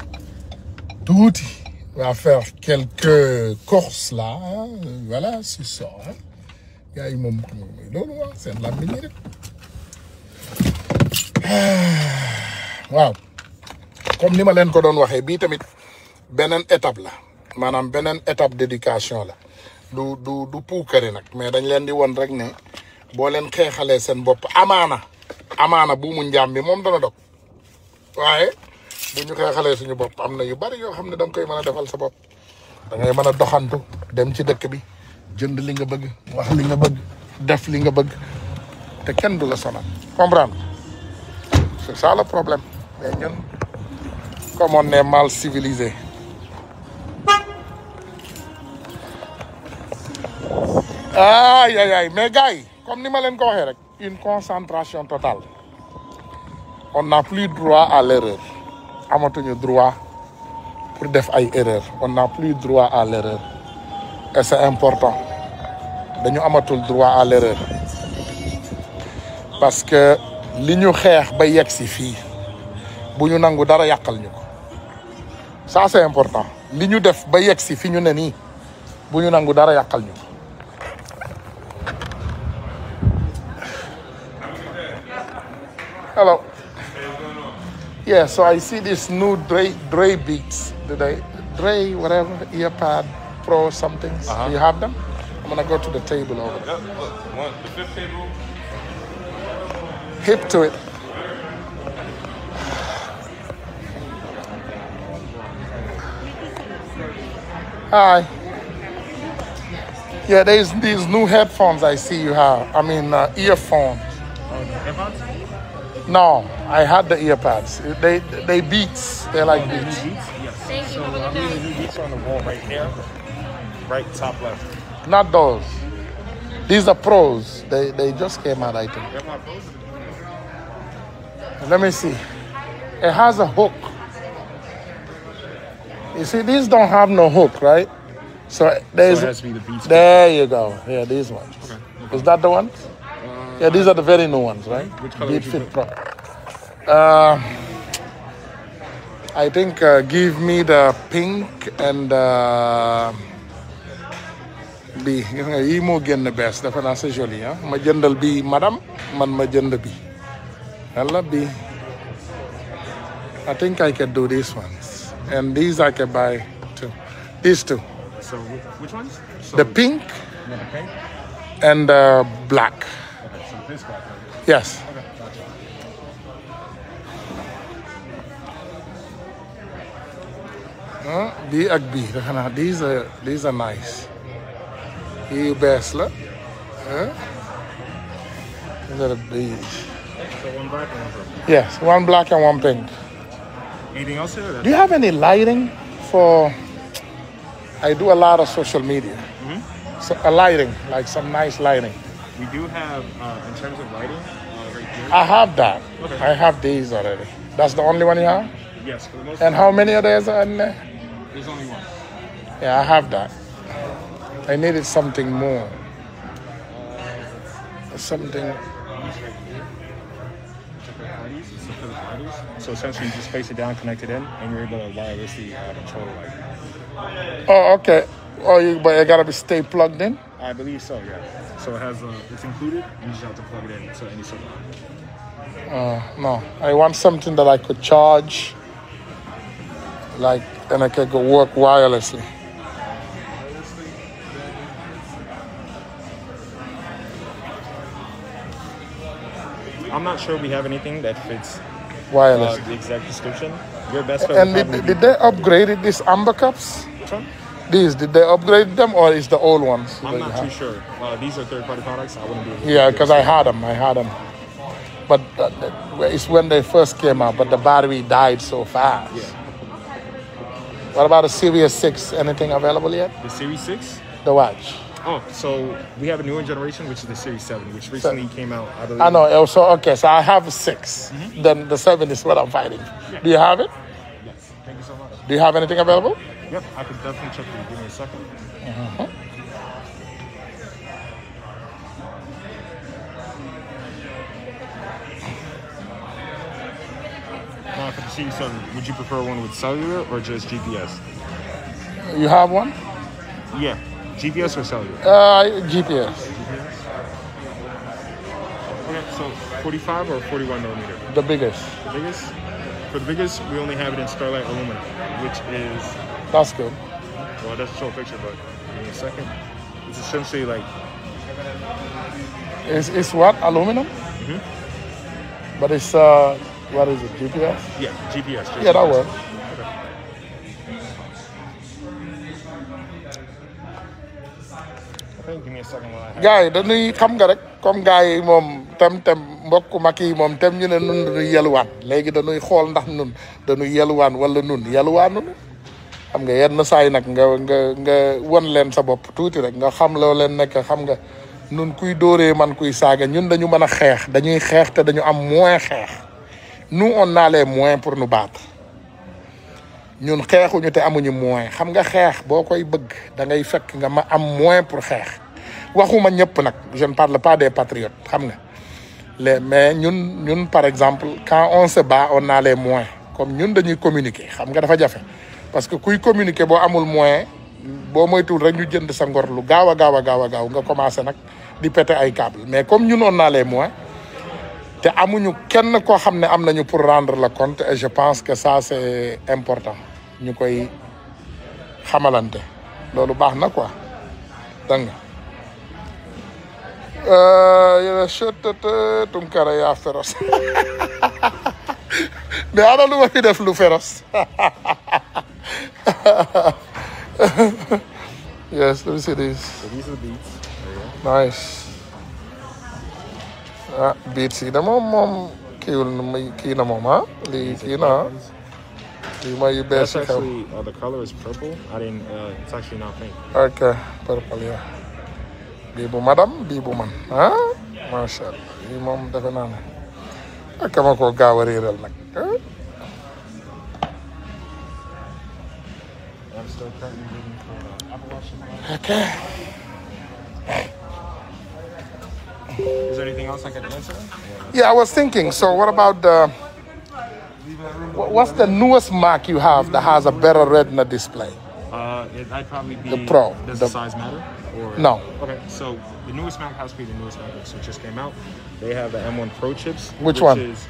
tuuti va faire quelques courses là voilà hein. hein, c'est ça gars yi moom xam nga mooy loolu waaw seen lam comme ni ma leen ko doon waxee bii tamit beneen étape la maanaam beneen étape d'éducation là du du du poukéré nak mais dañ leen di won rek né bo leen xéxalé sen bop amana amana bu mu ndiam bi mom dana dok waaye bu ñu xeexalee suñu bop amna yu bari yo xamné dang koy mëna a defal sa bop da ngay mëna doxantu dem ci dëkk bi jënd li nga bëgg wax li nga bëgg def li nga bëgg té kenn du la sonal comprendre c'est ça le problème mais ñun comme on est mal civilisé Aïe aïe aïe mais gars comme ni l'avons une concentration totale on n'a plus droit à l'erreur amatuñu droit pour def ay erreur on n'a plus droit à l'erreur et c'est important dañu le droit à l'erreur parce que Ce qui nous ba fait, c'est que nangu dara ça c'est important Ce qui nous ba fait, si fi ñu avons fait Hello. Yeah, so I see this new Dre, Dre Beats The Dre, whatever, earpad Pro something. Uh-huh. You have them? I'm going to go to the table over there. one, the fifth table. Hip to it. Hi. Yeah, there's these new headphones I see you have. I mean, uh, earphones. Oh, the headphones? No, I had the ear pads. They they beats. They're like beats. Yes. So uh, I'm beats on the wall right here, right top left. Not those. These are pros. They they just came out. I think. Let me see. It has a hook. You see, these don't have no hook, right? So there's. So there you go. Yeah, these ones. Okay. Is that the one? Yeah, these are the very new ones, right? Which color Deep Fit Pro. Uh, I think uh, give me the pink and uh, bi yi moo génn bees defe naa c'est I ah ma jëndal B, madam, man my jënd bi bi I think I can do these ones and these I can buy too these two. So which ones? So the pink. And the pink. And uh, black this class, right? Yes. Okay, gotcha. Uh, di these are these are nice yi yu bees la ah these beige. So one black and one purple. Yes, one black and one pink. Anything else here? Do you have any lighting for? I do a lot of social media. Mm -hmm. So a lighting, like some nice lighting. We do have, uh, in terms of lighting, uh, right here. I have that. Okay. I have these already. That's the only one you have? Yes, for the most And how many of these are in there? There's only one. Yeah, I have that. I needed something more. Uh, something. So essentially, you just place it down, connect it in, and you're able to wirelessly uh, control control it. Oh, okay. Oh, you, but it gotta be stay plugged in. I believe so, yeah. So it has a, uh, it's included. You just have to plug it in to any solar. Uh, no, I want something that I could charge, like, and I could go work wirelessly. I'm not sure we have anything that fits wireless uh, the exact description. Your best and did, did they upgraded these amber cups? Which one? These, did they upgrade them or is the old ones? I'm not too sure. Uh, these are third party products. I wouldn't be able Yeah, because I had them. I had them. But uh, it's when they first came out, but the battery died so fast. Yeah. What about the Series 6? Anything available yet? The Series 6? The watch. Oh, so we have a newer generation, which is the Series 7, which recently so, came out. I, believe. I know. Oh, so, okay, so I have 6. Mm-hmm. Then the 7 is what I'm fighting. Yeah. Do you have it? Yes. Thank you so much. Do you have anything available? Yep, I can definitely check you. Give me a second. Uh-huh. Now, for the C7, would you prefer one with cellular or just GPS? You have one? Yeah. GPS or cellular? Uh, GPS. GPS. Okay, so 45 or 41 millimeter? The biggest. The biggest? For the biggest, we only have it in Starlight Aluminum, which is that's good. Well, that's a short picture, but give me a second. It's essentially like. It's, it's what? Aluminum? Mm-hmm. But it's, uh, what is it, GPS? Yeah, GPS. GPS. Yeah, that works. Guy, gars yi dañuy xam nga rek comme gars yi moom tam tam mbokk mag yi moom tam ñu ne nun dañuy yeluwaan léegi dañuy xool yellow one. Well, yeluwaan wala nun yeluwaanunu xam nga yenn saa yi nag nga nga nga won leen sa bopp tuuti rek nga xam loo leen nekk xam nga nun kuy dóoree man kuy saaga ñun dañu mën a xeex dañuy xeex te dañu am moins xeex nous on a les moins pour nous battre ñun xeexuñu te amuñu moins xam nga xeex boo koy bëgg da ngay fekk nga ma am moins pour xeex waxuma ñëpp nag je ne parle pas des patriotes xam nga les mais ñun ñun par exemple quand on se bat on a les moins comme ñun dañuy communiquer xam nga dafa jafe parce que kuy communiqué boo amul moyen boo moytuwul rek ñu jënd sa ngor lu gaaw a gaaw a gaaw a gaaw nga commencé nag di pété ay câble mais comme ñun on a les moyens te amuñu kenn koo xam ne am nañu pour rendre le compte et je pense que ça c'est important ñu koy xamalante loolu baax na ko dégg nga euh, Tunkara yaa féroce <laughs> mais ana lu def lu féroce <laughs> yes, let me see these. So these are the beets. Nice. Ah, beets ina mo mom kina mo ma li kina. Lima you best. That's actually uh, the color is purple. I didn't. Uh, it's actually not pink. Okay, purple yeah. Bibu madam, bibu man. Marshall. mom, the Masha. I come up with ko gawarirel like. I'm still currently waiting for uh, Apple Watch. Okay. Is there anything else I can answer? Yeah, I was thinking. So, what about the? What's the newest Mac you have that has a better Retina display? Uh, it, would probably be the Pro. Does the, the size matter? Or, no. Okay, so the newest Mac has to be the newest MacBooks, which just came out. They have the M1 Pro chips. Which, which one? Is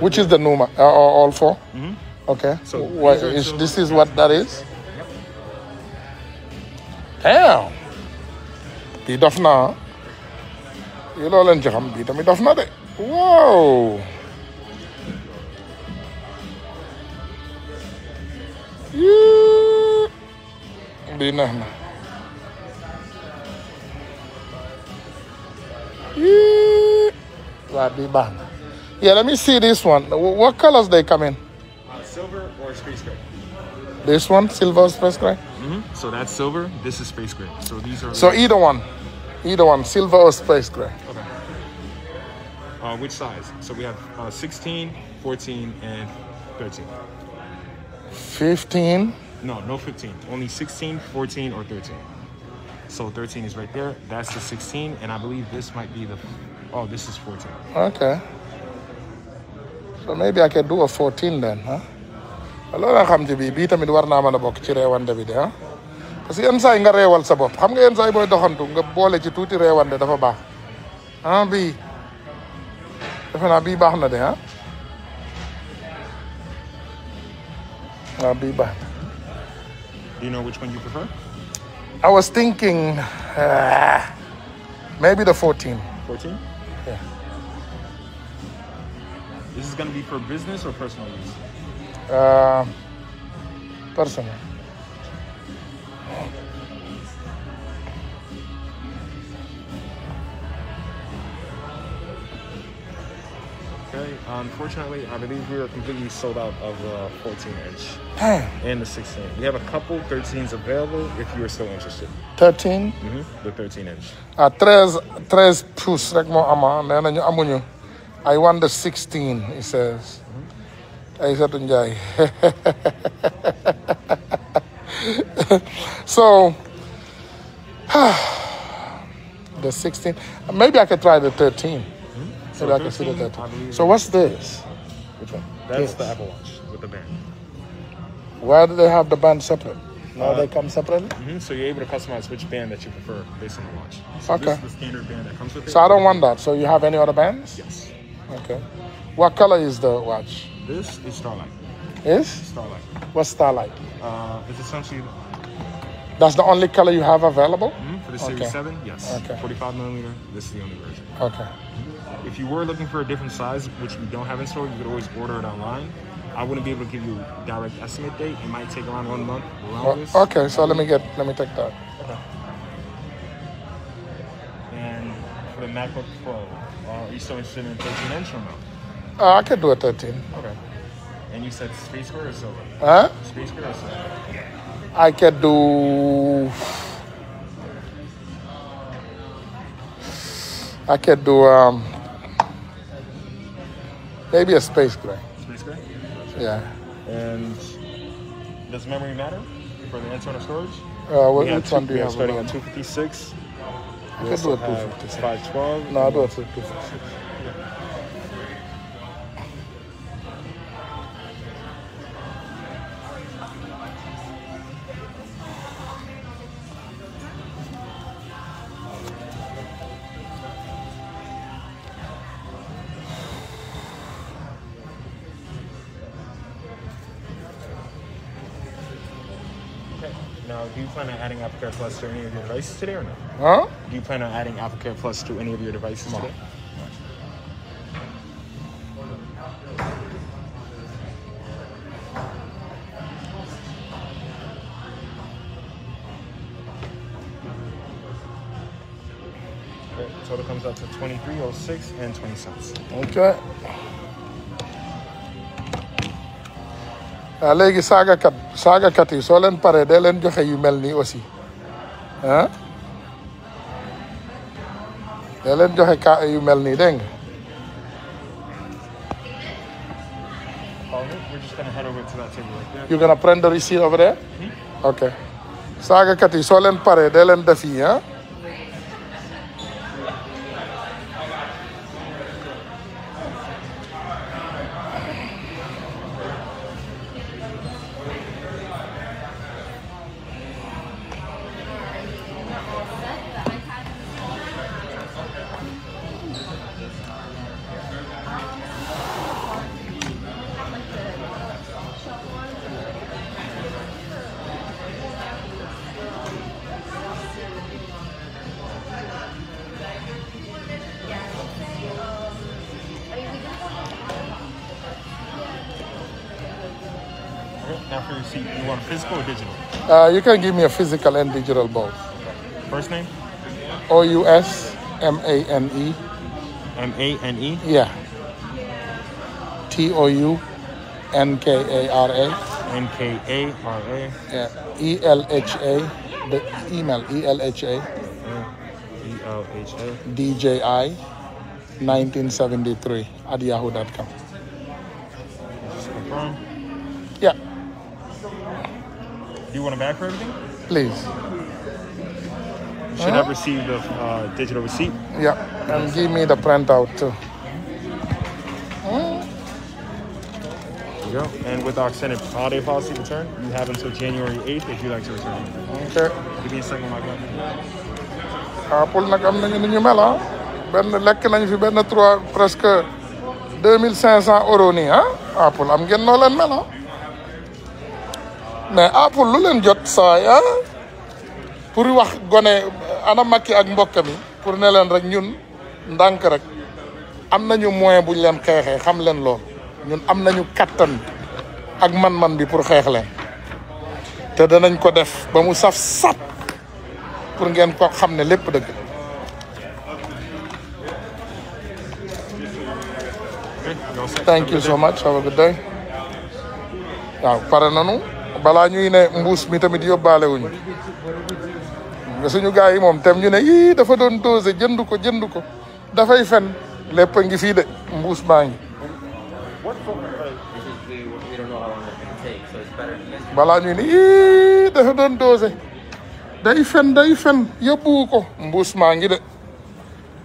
which is the new Mac? Uh, all 4 mm -hmm. Okay. So this is what that is hell bii daf naa yi loo leen ci xam bii daf na de wow bii neex na waaw bii baax na yeah let me see this one what colors they come in silver or space gray this one, silver space gray? Mm -hmm. So that's silver. This is space gray. So these are. So either one, either one, silver or space gray. Okay. Uh, which size? So we have uh, 16, 14, and 13. 15? No, no 15. Only 16, 14, or 13. So 13 is right there. That's the 16, and I believe this might be the. Oh, this is 14. Okay. So maybe I can do a 14 then, huh? loolaa xam te bi bii tamit war naa mën a bokk ci reewande bi de ah parce que yenn saa yi nga reewal sa bopp xam nga yenn saa yi booy doxantu nga boole ci tuuti reewande dafa baax ah bii defe naa bii baax na de ah waaw ah, bii baax na. Do you know which one you prefer? I was thinking uh, maybe the 14. 14? Yeah. This Is going to be for business or personal use? Personally, Okay, unfortunately, I believe we are completely sold out of the 14 inch and the 16. We have a couple 13s available if you are still interested. 13? Mm-hmm, the 13 inch. Uh, tres, tres plus, like more ama. I want the 16, it says. Aysatu Njaay <laughs> so <sighs> the 16 maybe i could try the 13 hmm? so, 13, i can see the 13 so what's this which one that's the apple watch with the band why do they have the band separate now uh, they come separately mm-hmm, so you're able to customize which band that you prefer based on the watch so okay the standard band that comes with it so i don't want that so you have any other bands yes okay what color is the watch this is Starlight. Is? Starlight. What's Starlight? Uh, it's essentially. That's the only color you have available? Mm, for the Series okay. 7, yes. Okay. 45 millimeter, this is the only version. Okay. If you were looking for a different size, which we don't have in store, you could always order it online. I wouldn't be able to give you a direct estimate date. It might take around one month. well, okay, so let me get, let me take that. Okay. And for the MacBook Pro, uh, are you still interested in 13 inch or no? Uh, I could do a 13. Okay. And you said space square or silver? Huh? Space square or silver? I could do. I could do um, maybe a space gray. Space gray? Yeah. And does memory matter for the internal storage? Uh, what, which two, one do you have? Starting at 256. I could do a 256. 512. No, I'll do a 256. Now, do you plan on adding AppleCare Plus to any of your devices today or no? Huh? Do you plan on adding AppleCare Plus to any of your devices today? total comes out to 2306 and 20 cents. Okay. waaw ah, léegi saagakat saagakat yi soo leen paree dee leen joxe yu mel nii aussi ah dee leen joxe ka yu mel nii dégg nga you're gonna prendre ici over mm-hmm. ok saagakat yi soo leen paree dee leen def yi ah? physical or digital? Uh, you can give me a physical and digital both. First name? O U S M A N E. M A N E? Yeah. T O U N K A R A. N K A R A. Yeah. E L H A. The email E L H A. E L H A. D J I 1973 at yahoo.com. Confirm? Yeah. Do you want a back for everything? Please. You should uh-huh. have received the uh, digital receipt. Yeah, and give me the printout too. There you go. And with our extended holiday policy return, you have until January 8th if you'd like to return. Okay. Give me a second, my guy. Apple na am nañu ni ñu mel ah benn fi benn trois presque Two thousand five hundred euros ah? Apple am getting noo leen mel ah? ne apul ah, lu len jot saay ha ah, pour wax goné ana makki ak mbokami pour ne len rek ñun ndank rek am nañu moyen buñ len xexé xam len lool ñun am nañu katan ak man-man bi pour xeex leen te danañ ko def ba mu saf sat pour ngeen ko xam ne lépp thank you so much have a good day Now, para nanu bala ñuy ne mbuus mi tamit yóbbaale wuñu suñu gars yi moom tam ñu ne yii dafa doon dosé jënd ko jënd ko dafay fen lépp a ngi fii de mbuus baa ngi balaa ñuy ne yii dafa doon dosé day fen day fen yóbbu ko mbuus maa ngi de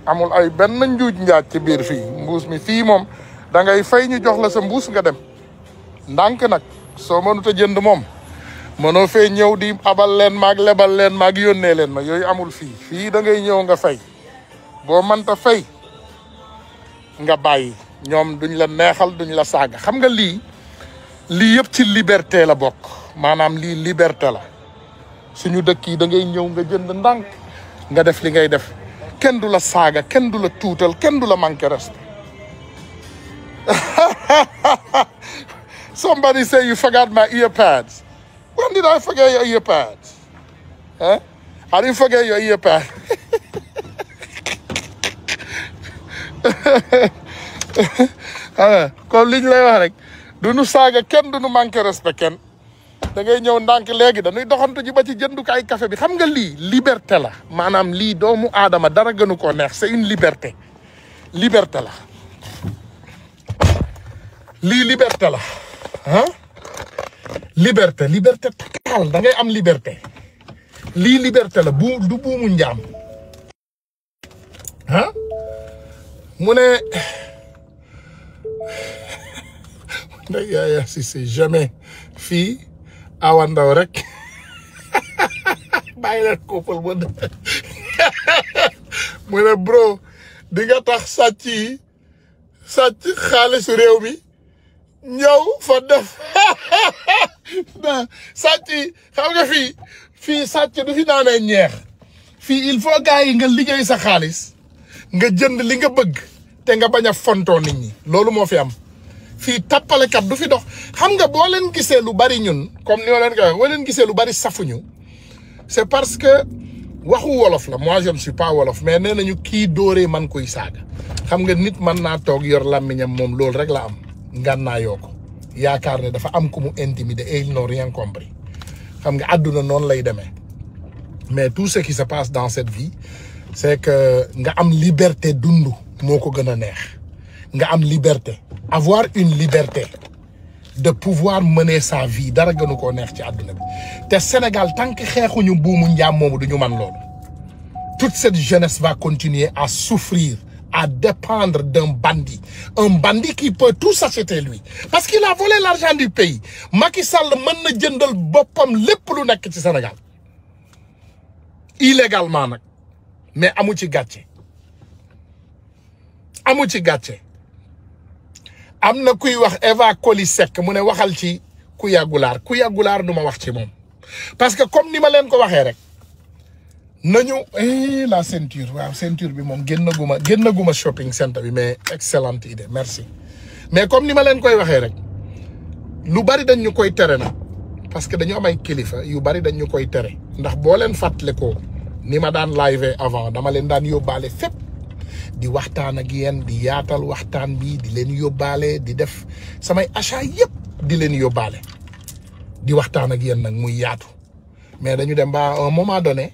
amul ay benn njuuj njaaj ci biir fii mbuus mi fii moom da ngay fay ñu jox la sa mbuus nga dem ndànk nag so mënut a jënd mom mëno fee ñëw di abal leen maag lebal leen mag yonne leen ma yoy amul fi fi da ngay ñëw nga fay man ta fay nga bayyi ñom duñ la neexal duñ la saga xam nga li li yëpp ci liberté la bok manam li liberté la suñu dëkk yi da ngay ñëw nga jënd ndank nga def li ngay def kenn du la kenn du la kenn du la reste Somebody say you forgot my ear pads. When did I forget your ear pads? Huh? I didn't forget your ear pad. <laughs> kon liñ lay wax rek du nu saaga kenn du nu manqué respect ken da ngay ñew ndank legi da dañuy doxantu ji ba ci jëndu kay café bi xam nga li liberté la manam li doomu adama dara gënu ko neex c'est une liberté liberté la li liberté la ah liberté liberté totale da ngay am liberté lii liberté la bu du buumu njaam ah mu ne <laughs> nda yaaya si c'est jamais fii awa ndaw rek <laughs> bàyyi leen koppal ba <laughs> mu ne bro di nga tax sàcc yi sàcc xaalisu réew mi ñëw fa def <laughs> sàcc yi xam nga fii fii sàcc du fi naanee ñeex fii il faut gars yi nga liggéey sa xaalis nga jënd li nga bëgg te nga bañ a fontoo nit ñi loolu moo fi am fii tappalekat du fi dox xam nga boo leen gisee lu bari ñun comme ni ma gisee lu bari safuñu c'est parce que waxu wolof la moi je ne suis pas wolof mais nee nañu kii dóoree man koy saaga xam nga nit mën naa toog yor làmmiñam moom loolu rek la am ngànnaayoo ko yaakaar ne dafa am ku mu intimider et ils n'ont rien compris xam nga aduna non lay demee mais tout ce qui se passe dans cette vie c'est que nga am liberté dund moko gëna neex nga am liberté avoir une liberté de pouvoir mener sa vie dara gënu ko neex ci aduna bi te Sénégal tant que xeexuñu boumu ndiam momu duñu man lool toute cette jeunesse va continuer à souffrir à dépendre d'un bandit. Un bandit qui peut tout s'acheter lui. Parce qu'il a volé l'argent du pays. Macky Sall mën na jëndal boppam lépp lu nekk ci Sénégal. illégalement nak. mais amu ci gatché. amu ci gatché. Amna kuy wax Eva Coly Seck mu ne waxal ci Kouya Goulard. Kouya Goulard, du ma wax ci mom. parce que comme ni ma leen ko waxé rek. nañu eh la ceinture waaw ceinture bi moom génnaguma génnaguma shopping centre bi mais excellente idée merci mais comme ni ma leen koy waxee rek lu bari dañ ñu koy tere na parce que dañu am ay kilifa yu bari dañu koy tere ndax boo leen fàttalikoo ni ma daan live avant dama leen daan yóbbaale fépp di waxtaan ak yéen di yaatal waxtaan bi di leen yóbbaale di def samay achat yépp di leen yóbbaale di waxtaan ak yéen nag mu yaatu mais dañu dem ba un moment donné.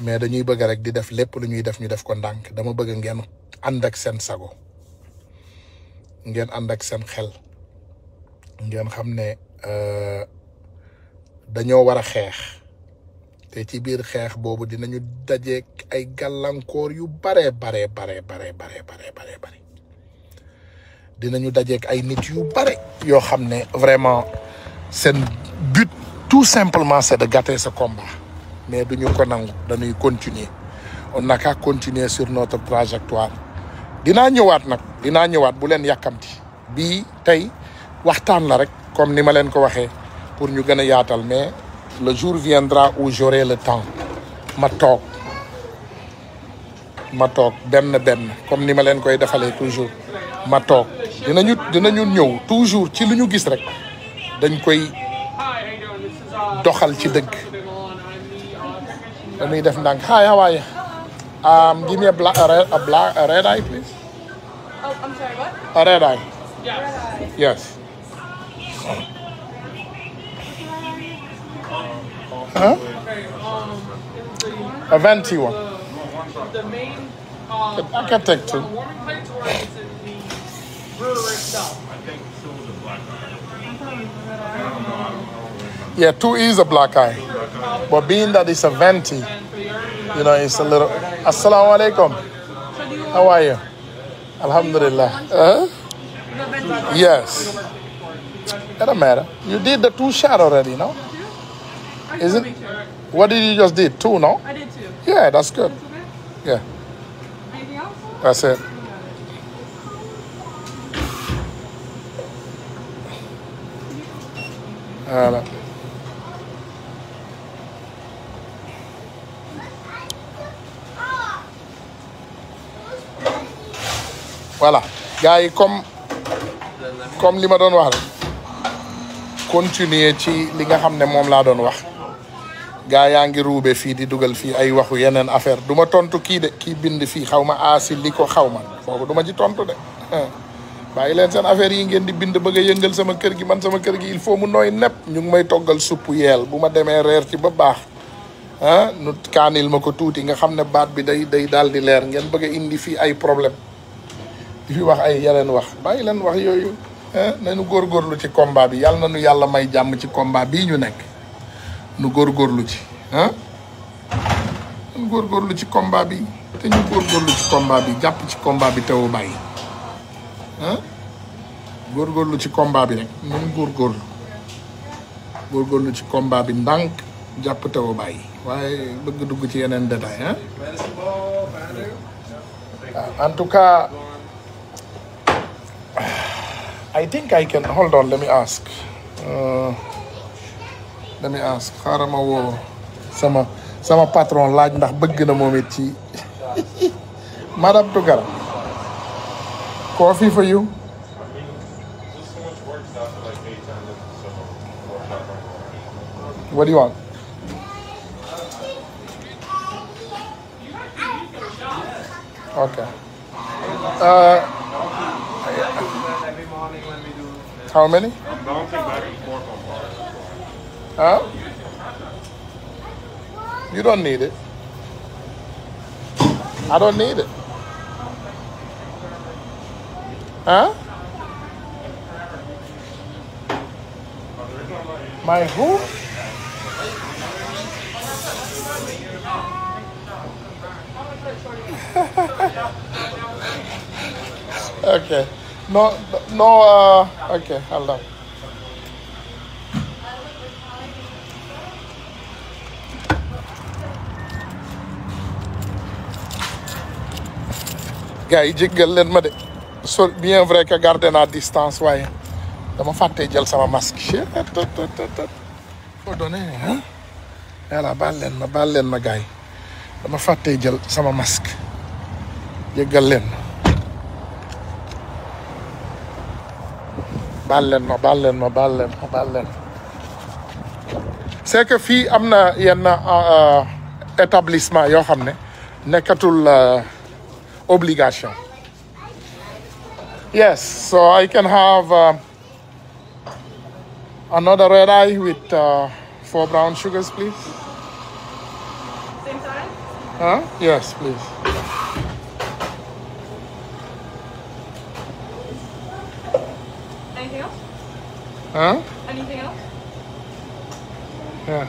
mais dañuy bëgg rek di def lepp lu ñuy def ñu def ko ndank dama bëgg ngeen and ak seen sago ngeen and ak seen xel ngeen xam ne euh, dañoo wara xex té ci biir xex bobu dinañu dajé ay galankor yu bare bare bare bare bare bare bare bare dinañu dajé ay nit yu bare yo xamne vraiment sen but tout simplement c'est de gâter ce combat mais ñu ko nangu dañuy continuer on n'a qu'à continuer sur notre trajectoire dinaa ñëwaat nag dinaa ñëwaat bu leen yàkkamti bii tey waxtaan la rek comme ni ma leen ko waxee pour ñu gën a yaatal mais le jour viendra au jourer le temps ma toog ma toog benn benn comme ni ma leen koy defalee toujours ma toog dinañu dinañu ñëw toujours ci lu ñu gis rek dañ koy doxal ci dëgg Let me definitely Hi, how are you? Um, give me a black, a red, a black, a red eye, please. Oh, I'm sorry, what? A red eye. Yes. Yes. Huh? A venti one. The main. I can take two. Brewer itself. I think black yeah, two is a black eye. But being that it's a venti, you know, it's a little. Assalamu alaikum. How are you? Alhamdulillah. Uh? Yes. It don't matter. You did the two shot already, no? Is it? What did you just did? Two, no? I did two. Yeah, that's good. Yeah. Anything else? That's it. All right. voilà gars yi comme comme li ma doon wax rek continuer ci li nga xam ne moom laa doon wax gaa yaa ngi ruube fii di dugal fii ay waxu yeneen affaire du ma tontu kii de kii bind fii xaw ma aasi li ko xaw ma kooku du ci tontu de <laughs> bàyyi leen seen affaire yi ngeen di bind bëgg a yëngal sama kër gi man sama kër gi il faut mu nooy nepp ñu may toggal supp yeel bu ma demee reer ci ba baax ah nu kaanil ma ko tuuti nga xam ne baat bi day day daal di leer ngeen bëgg a indi fii ay problème di fi wax ay yeneen wax bàyyi leen wax yooyu góor eh, góorgóorlu ci komba bi yàlla nu yàlla may jàmm ci combat bii ñu nekk nu góorgóorlu ci ah nu ci combat bi te ci combat bi jàpp ci komba bi tewu bàyyi ah góorgóorlu ci combat bi rek nañu góorgóorlu góorgóorlu ci komba bi ndànk jàpp tewu bàyyi waaye bëgg dugg ci yeneen détail ah en tout cas I think I can hold on. Let me ask. Uh, let me ask. xaaral wo, sama sama patron laaj ndax bëgg na moom it ci <laughs> madame coffee for you. What do you want? Okay. Uh, How many? I'm bouncing back and forth on bars. Huh? You don't need it. I don't need it. Huh? My who? <laughs> okay. No, no, uh, okay, hold on. gars yi jéggal leen ma de so bien vrai que garder naa distance waaye dama fàtte jël sama masque donné ah yàlla baal leen ma baal leen ma gars yi dama fàtte jël sama masque jéggal leen ma bàlleen ma ma ma c'est que yenn euh, euh, établissement euh, obligation yes so I can have uh, another red eye with uh, four brown sugars please same time huh yes please Huh? Anything else? Yeah.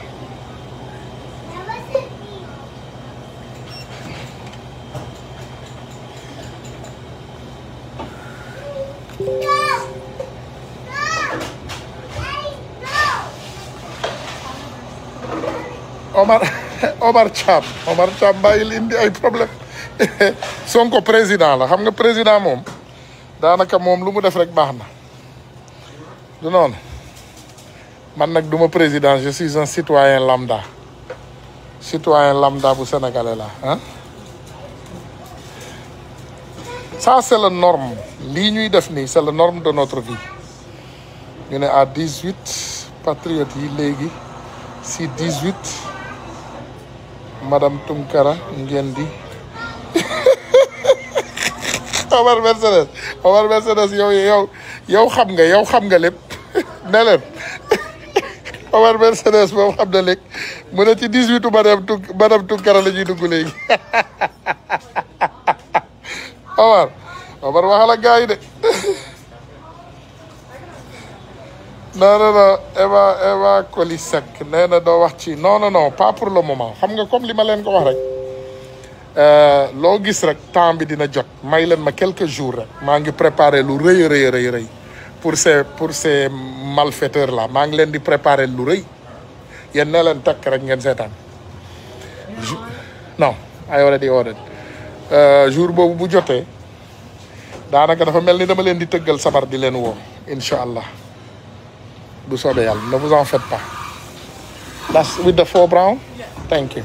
Omar, <laughs> Omar chab, Omar chab bàyyi India, ay problem. <laughs> Sonko presidala, la xam nga mom. lumu daanaka moom du non man nag duma président je suis un citoyen lambda citoyen lambda bu sénégalais là hein ça c'est la norme lii ñuy def nii c'est la norme de notre vie ñu ne à 18 patriotes yi léegi si 18, huit madame Tunkara ngeen di <laughs> Omar Mercedes Omar Mercedes yow yow yow xam nga yow xam nga lépp <laughs> ne leen <laughs> Omar Mercedes moom xam na léegi mu ne ci dix huitu madame tu madame Tunkara la ñuy dugg léegi <laughs> Omar Omar waxal de non non non Eva Eva Kolisek nee na doo wax ci non non non pas pour le moment xam comme li ma leen ko wax rek euh, loo gis rek temps bi dina jot may leen ma quelques jours rek maa ngi préparé lu rëy rëy rëy rëy pour ces pour ces malfaiteurs la maa ngi leen di préparer lu rëy yéen ne leen takk rek ngeen seetaan non I already ordered euh, jour boobu bu jotee daanaka dafa mel ni dama leen di tëggal sabar di leen woo incha allah bu soobee yàlla ne vous en faites pas that's with the thank you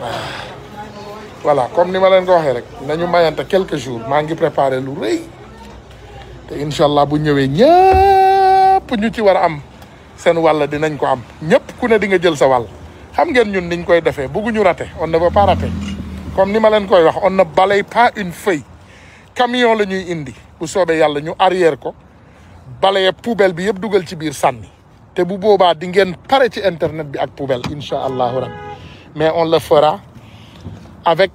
ah. voilà comme ni ma len ko waxee rek nañu mayante quelques jours ma ngi préparer lu reuy te inshallah allah bu ñëwé ñëpp ñu ci wara am seen wàll dinañ ko am ñëpp ku ne di nga jël sa wàll xam ngeen ñun niñ koy bu guñu raté on ne va pas raté comme ni ma len koy wax on ne balay pas une feuille camion la ñuy indi bu soobee yalla ñu arrière ko balaye poubelle bi yëpp duggal ci biir sanni te bu boba di ngeen paré ci internet bi ak poubelle inshallah allahu rabbi mais on le fera avec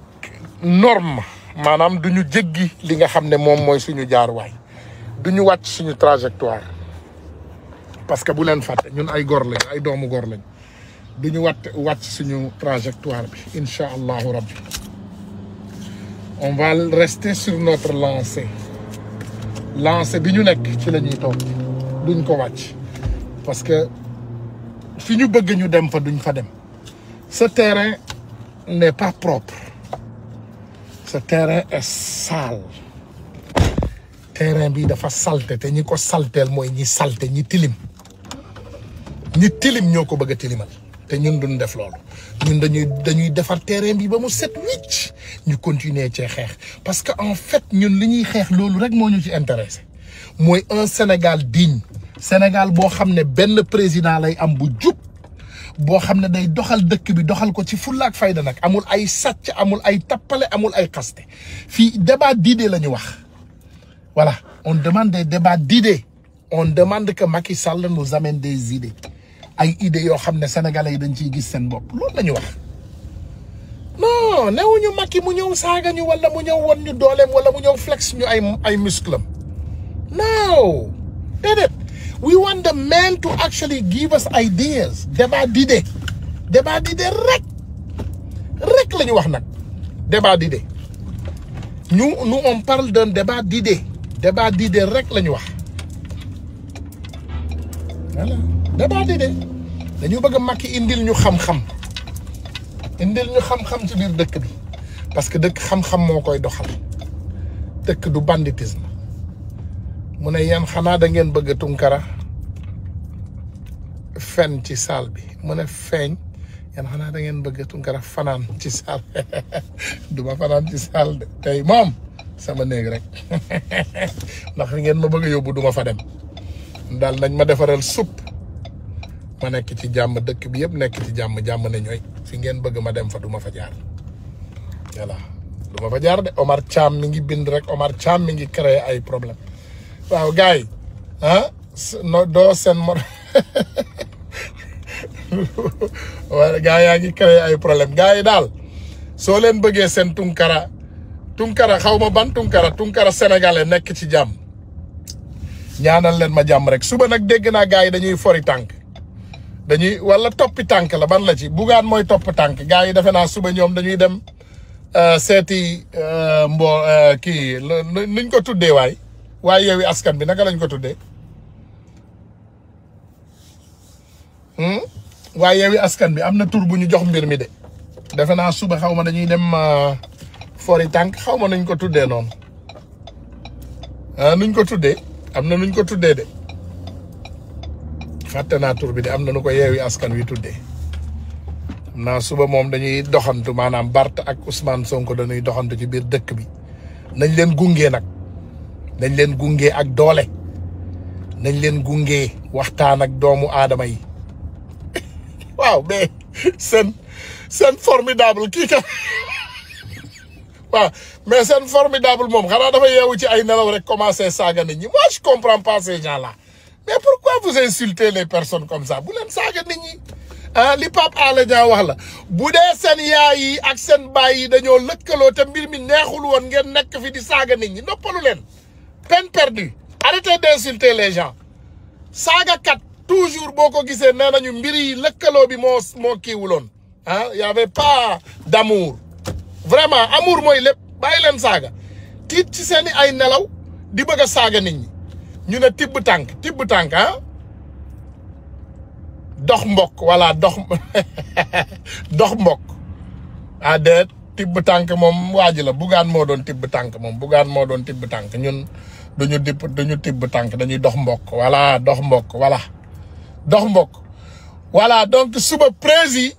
norme manam duñu ñu li nga xamné mom moy suñu jaar way duñu wacc suñu trajectoire parce que bu len fat ñun ay góor lañ ay doomu góor lañ du ñu wàtt suñu trajectoire bi incha allahu rabbi on va rester sur notre lancée lancée bi ñu nekk ci lañuy ñuy duñ ko wacc parce que fi ñu bëgg ñu dem fa duñ fa dem ce terrain n'est pas propre. Ce terrain est sale. terrain bi dafa salte te ñi ko salteel mooy ñi salte ñi tilim ñi tilim ñoo ko bëgg a tilimal te ñun duñ def loolu ñun dañuy dañuy defar terrain bi ba mu set wicc ñu continuer cee xeex parce que en fait ñun li ñuy xeex loolu rek moo ñu ci intéressé mooy un Sénégal digne Sénégal boo xam ne benn président lay am bu jub boo xam ne day doxal dëkk bi doxal ko ci fullaak fayda nag amul ay sàcc amul ay tappale amul ay xaste fii débat d'idées la ñu wax voilà on demande des débats d'idées on demande que Macky Sall nous amène des idées ay idées yoo xam ne sénégalais yi dañ ci gis seen bopp loolu la ñu wax non newuñu Macky mu ñëw saaga ñu wala mu ñëw won ñu dooleem wala mu ñëw flex ñu ay ay muscle am We want the men to actually give us ideas. débat d'idées débat d'idées rek rek la ñu wax nag débat d'idées ñu nous on parle d'un débat d'idées débat d'idées rek la ñu wax voilà débat d'idées dañu bëgg a indil ñu xam-xam indil ñu xam-xam ci biir dëkk bi parce que dëkk xam-xam moo koy doxal dëkk du banditisme mune ne xana dengan da ngeen bëgg Tunkara fen ci sal bi mune ne feeñ xana da ngeen bëgg Tunkara fanaan ci sal <laughs> du ma ci sal tay mom sama negre. rek <laughs> ndax ngeen ma bëgg yobbu duma fa dem dal nañ ma défaral soup ma nekk ci jamm dëkk bi yëpp nekk ci jamm jamm fi ngeen bëgg ma dem fa duma fa jaar yalla duma fa jaar de Omar Cham mi ngi bind rek Omar Cham mi ngi créer ay problème waaw gars yi ah no doo seen mor <laughs> wala gars yaa ngi créé ay problème gars yi daal soo leen bëggee seen tunkara tunkara xaw ma ban tunkara tunkara sénégalais nekk ci jàmm ñaanal leen ma jàmm rek suba nag dégg naa gars yi dañuy fori tànk dañuy wala toppi tànk la ban la ci bugaan mooy topp tànk gars yi defe naa suba ñoom dañuy dem euh, seeti euh, mbo euh, kii nuñ ko tuddee waay waaye Yewwi Askan bi naka lañ ko tuddee hmm? waaye Yewwi Askan bi am na tur bu ñu jox mbir mi de defe naa suba xaw ma dañuy dem euh, fori tànk xaw ma nuñ ko tuddee noonu ah nuñ ko tuddee am na nuñ ko tuddee de fàtte naa tur bi de am na nu ko Yewwi Askan wi tuddee am naa suba moom dañuy doxantu maanaam Bart ak Ousmane Sonko dañuy doxantu ci biir dëkk bi nañ leen gunge nag. nañ leen gunge ak doole nañ leen gunge waxtaan ak doomu aadama yi <laughs> waaw mais seen seen formidable kii ka <laughs> waaw mais seen formidable moom xanaa dafa yeewu ci ay nelaw rek commencé saaga nit ñi moi je comprends pas ces gens là mais pourquoi vous insultez les personnes comme ça bu leen saaga nit ñi ah li Pape Alé Niang wax la bu dee seen yaay yi ak seen baay yi dañoo lëkkaloo te mbir mi neexul woon ngeen nekk fi di saaga nit ñi noppalu leen peine perdue arrêtez d'insulter les gens 4, toujours beaucoup qui gisee nee nañu mbir yi lëkkaloo bi moo moo kiiwuloon Il ah, y avait pas d'amour vraiment amour mooy lépp bàyyi saga. saaga tiit ci il i ay nelaw saga. bëgg a saaga nit ñi ñu ne tibb tànk tibb tànk ah dox mbokk voilà dox <laughs> dox mbokk ah déet de tànk moom modon ji la bugaan moo de tibb tànk moom bugaan dañu dipp dañu tibb tànk dañuy dox mbokk voilà dox mbokk voilà dox mbokk voilà donc suba prési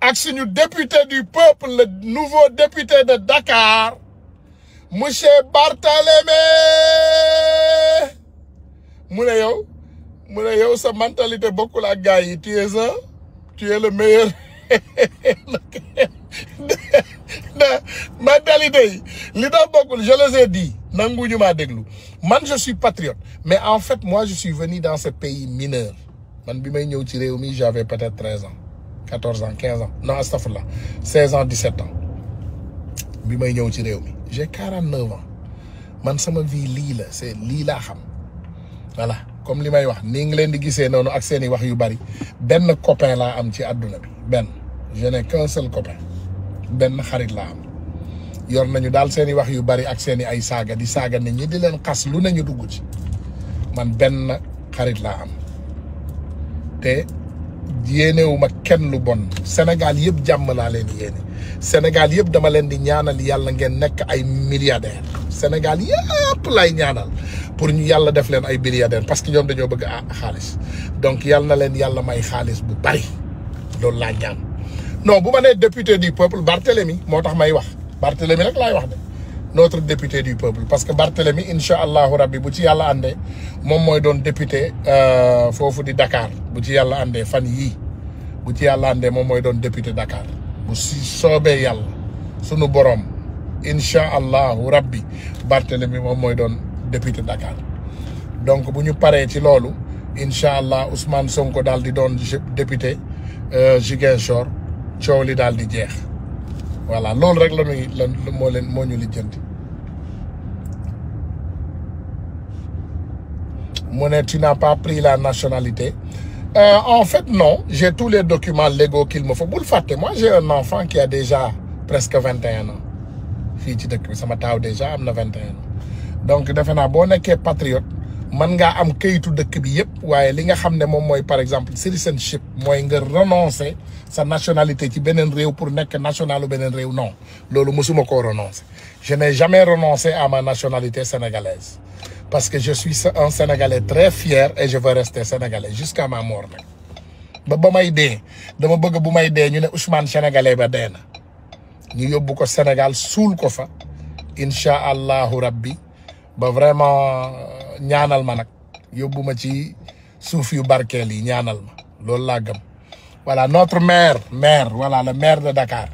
ak suñu député du peuple le nouveau député de Dakar monsieur Barthélémy mu ne yow mu ne yow sa mentalité bokkul ak gars tu es un tu es le meilleur <laughs> mentalité yi li tax bokkul je les ai dit je suis patriote. Mais en fait, moi, je suis venu dans ce pays mineur. Man, bimayne ou tireumi, j'avais peut-être 13 ans. 14 ans, 15 ans. Non, moment-là, 16 ans, 17 ans. Bimayne ou tireumi. J'ai 49 ans. Man, suis vie, à lila. C'est lila Voilà. Comme je l'ai dit, gise non, akseni wa yubari. Ben copain la amti à Ben. Je n'ai qu'un seul copain. Ben harit la ham. yor nañu dal seeni wax yu bari ak seeni ay saga di saga nit ñi di leen xass lu nañu dugg ci man ben xarit la am te yéenewuma kenn lu bon Sénégal yépp jàmm laa leen yéene Sénégal yépp dama leen di ñaanal yàlla ngeen nekk ay milliardaire Sénégal yépp lay ñaanal pour ñu yàlla def leen ay milliardaire parce que ñoom dañoo bëgg a xaalis donc yàlla na leen yàlla may xaalis bu bari loolu laa ñaan non bu ma nee député du peuple Barthélemy moo may wax Barthélemy rek lay wax né notre député du peuple parce que Barthélemy inshallah allahu rabbi bu ci yalla andé mom moy don député euh, fofu di Dakar bu ci yalla andé fan yi bu ci yalla andé mom moy don député Dakar bu si sobe yalla sunu borom inshallah allahu rabbi Barthélemy moom député Dakar donc bu ñu paree ci lolu inshallah Ousmane Sonko dal di don député euh, Ziguinchor coow li dal di jeex voilà c'est rek la ñuy lan moo leen tu n'as pas pris la nationalité euh, en fait non j'ai tous les documents légaux qu'il me faut bul moi j'ai un enfant qui a déjà presque 21 ans fi ci dëkk bi sama taw déjà am ans. ans donc defe naa boo patriote man nga am kayitu dëkk bi yëpp waaye li nga xam ne moom mooy par exemple citizenship mooy nga renoncer sa nationalité ci beneen réew pour nekk nationalu beneen réew non loolu mosuma koo renoncer je n'ai jamais renoncé à ma nationalité sénégalaise parce que je suis un sénégalais très fier et je veux rester sénégalais jusqu'à ma mort nag ba ba may dee dama bëgg bu may dee ñu ne Ousmane sénégalais ba dee na ñu yóbbu ko Sénégal suul ko fa incha allahu rabbi ba vraiment. ñaanal ma nag yóbbu ma ci suuf yu barkeel yi ñaanal ma loolu laa gëm voilà notre maire maire voilà le maire de Dakar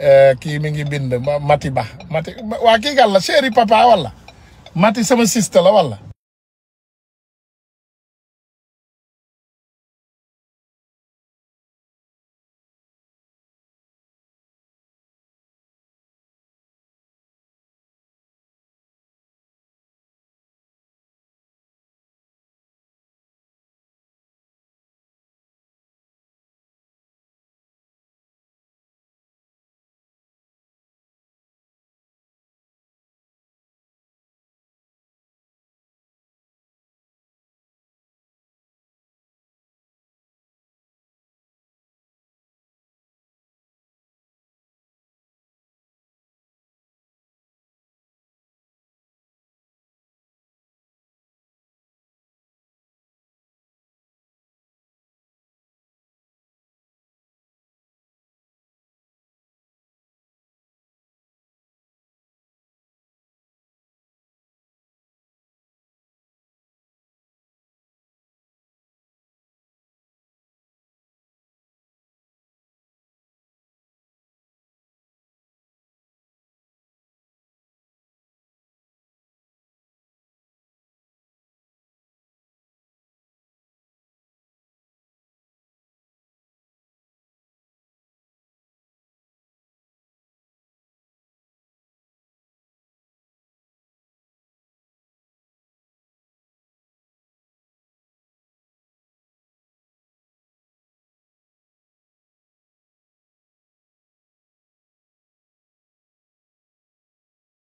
euh, kii mi ngi bind Mati Ba Mati waa kii gal la chéri papa wala Mati sama siste la wala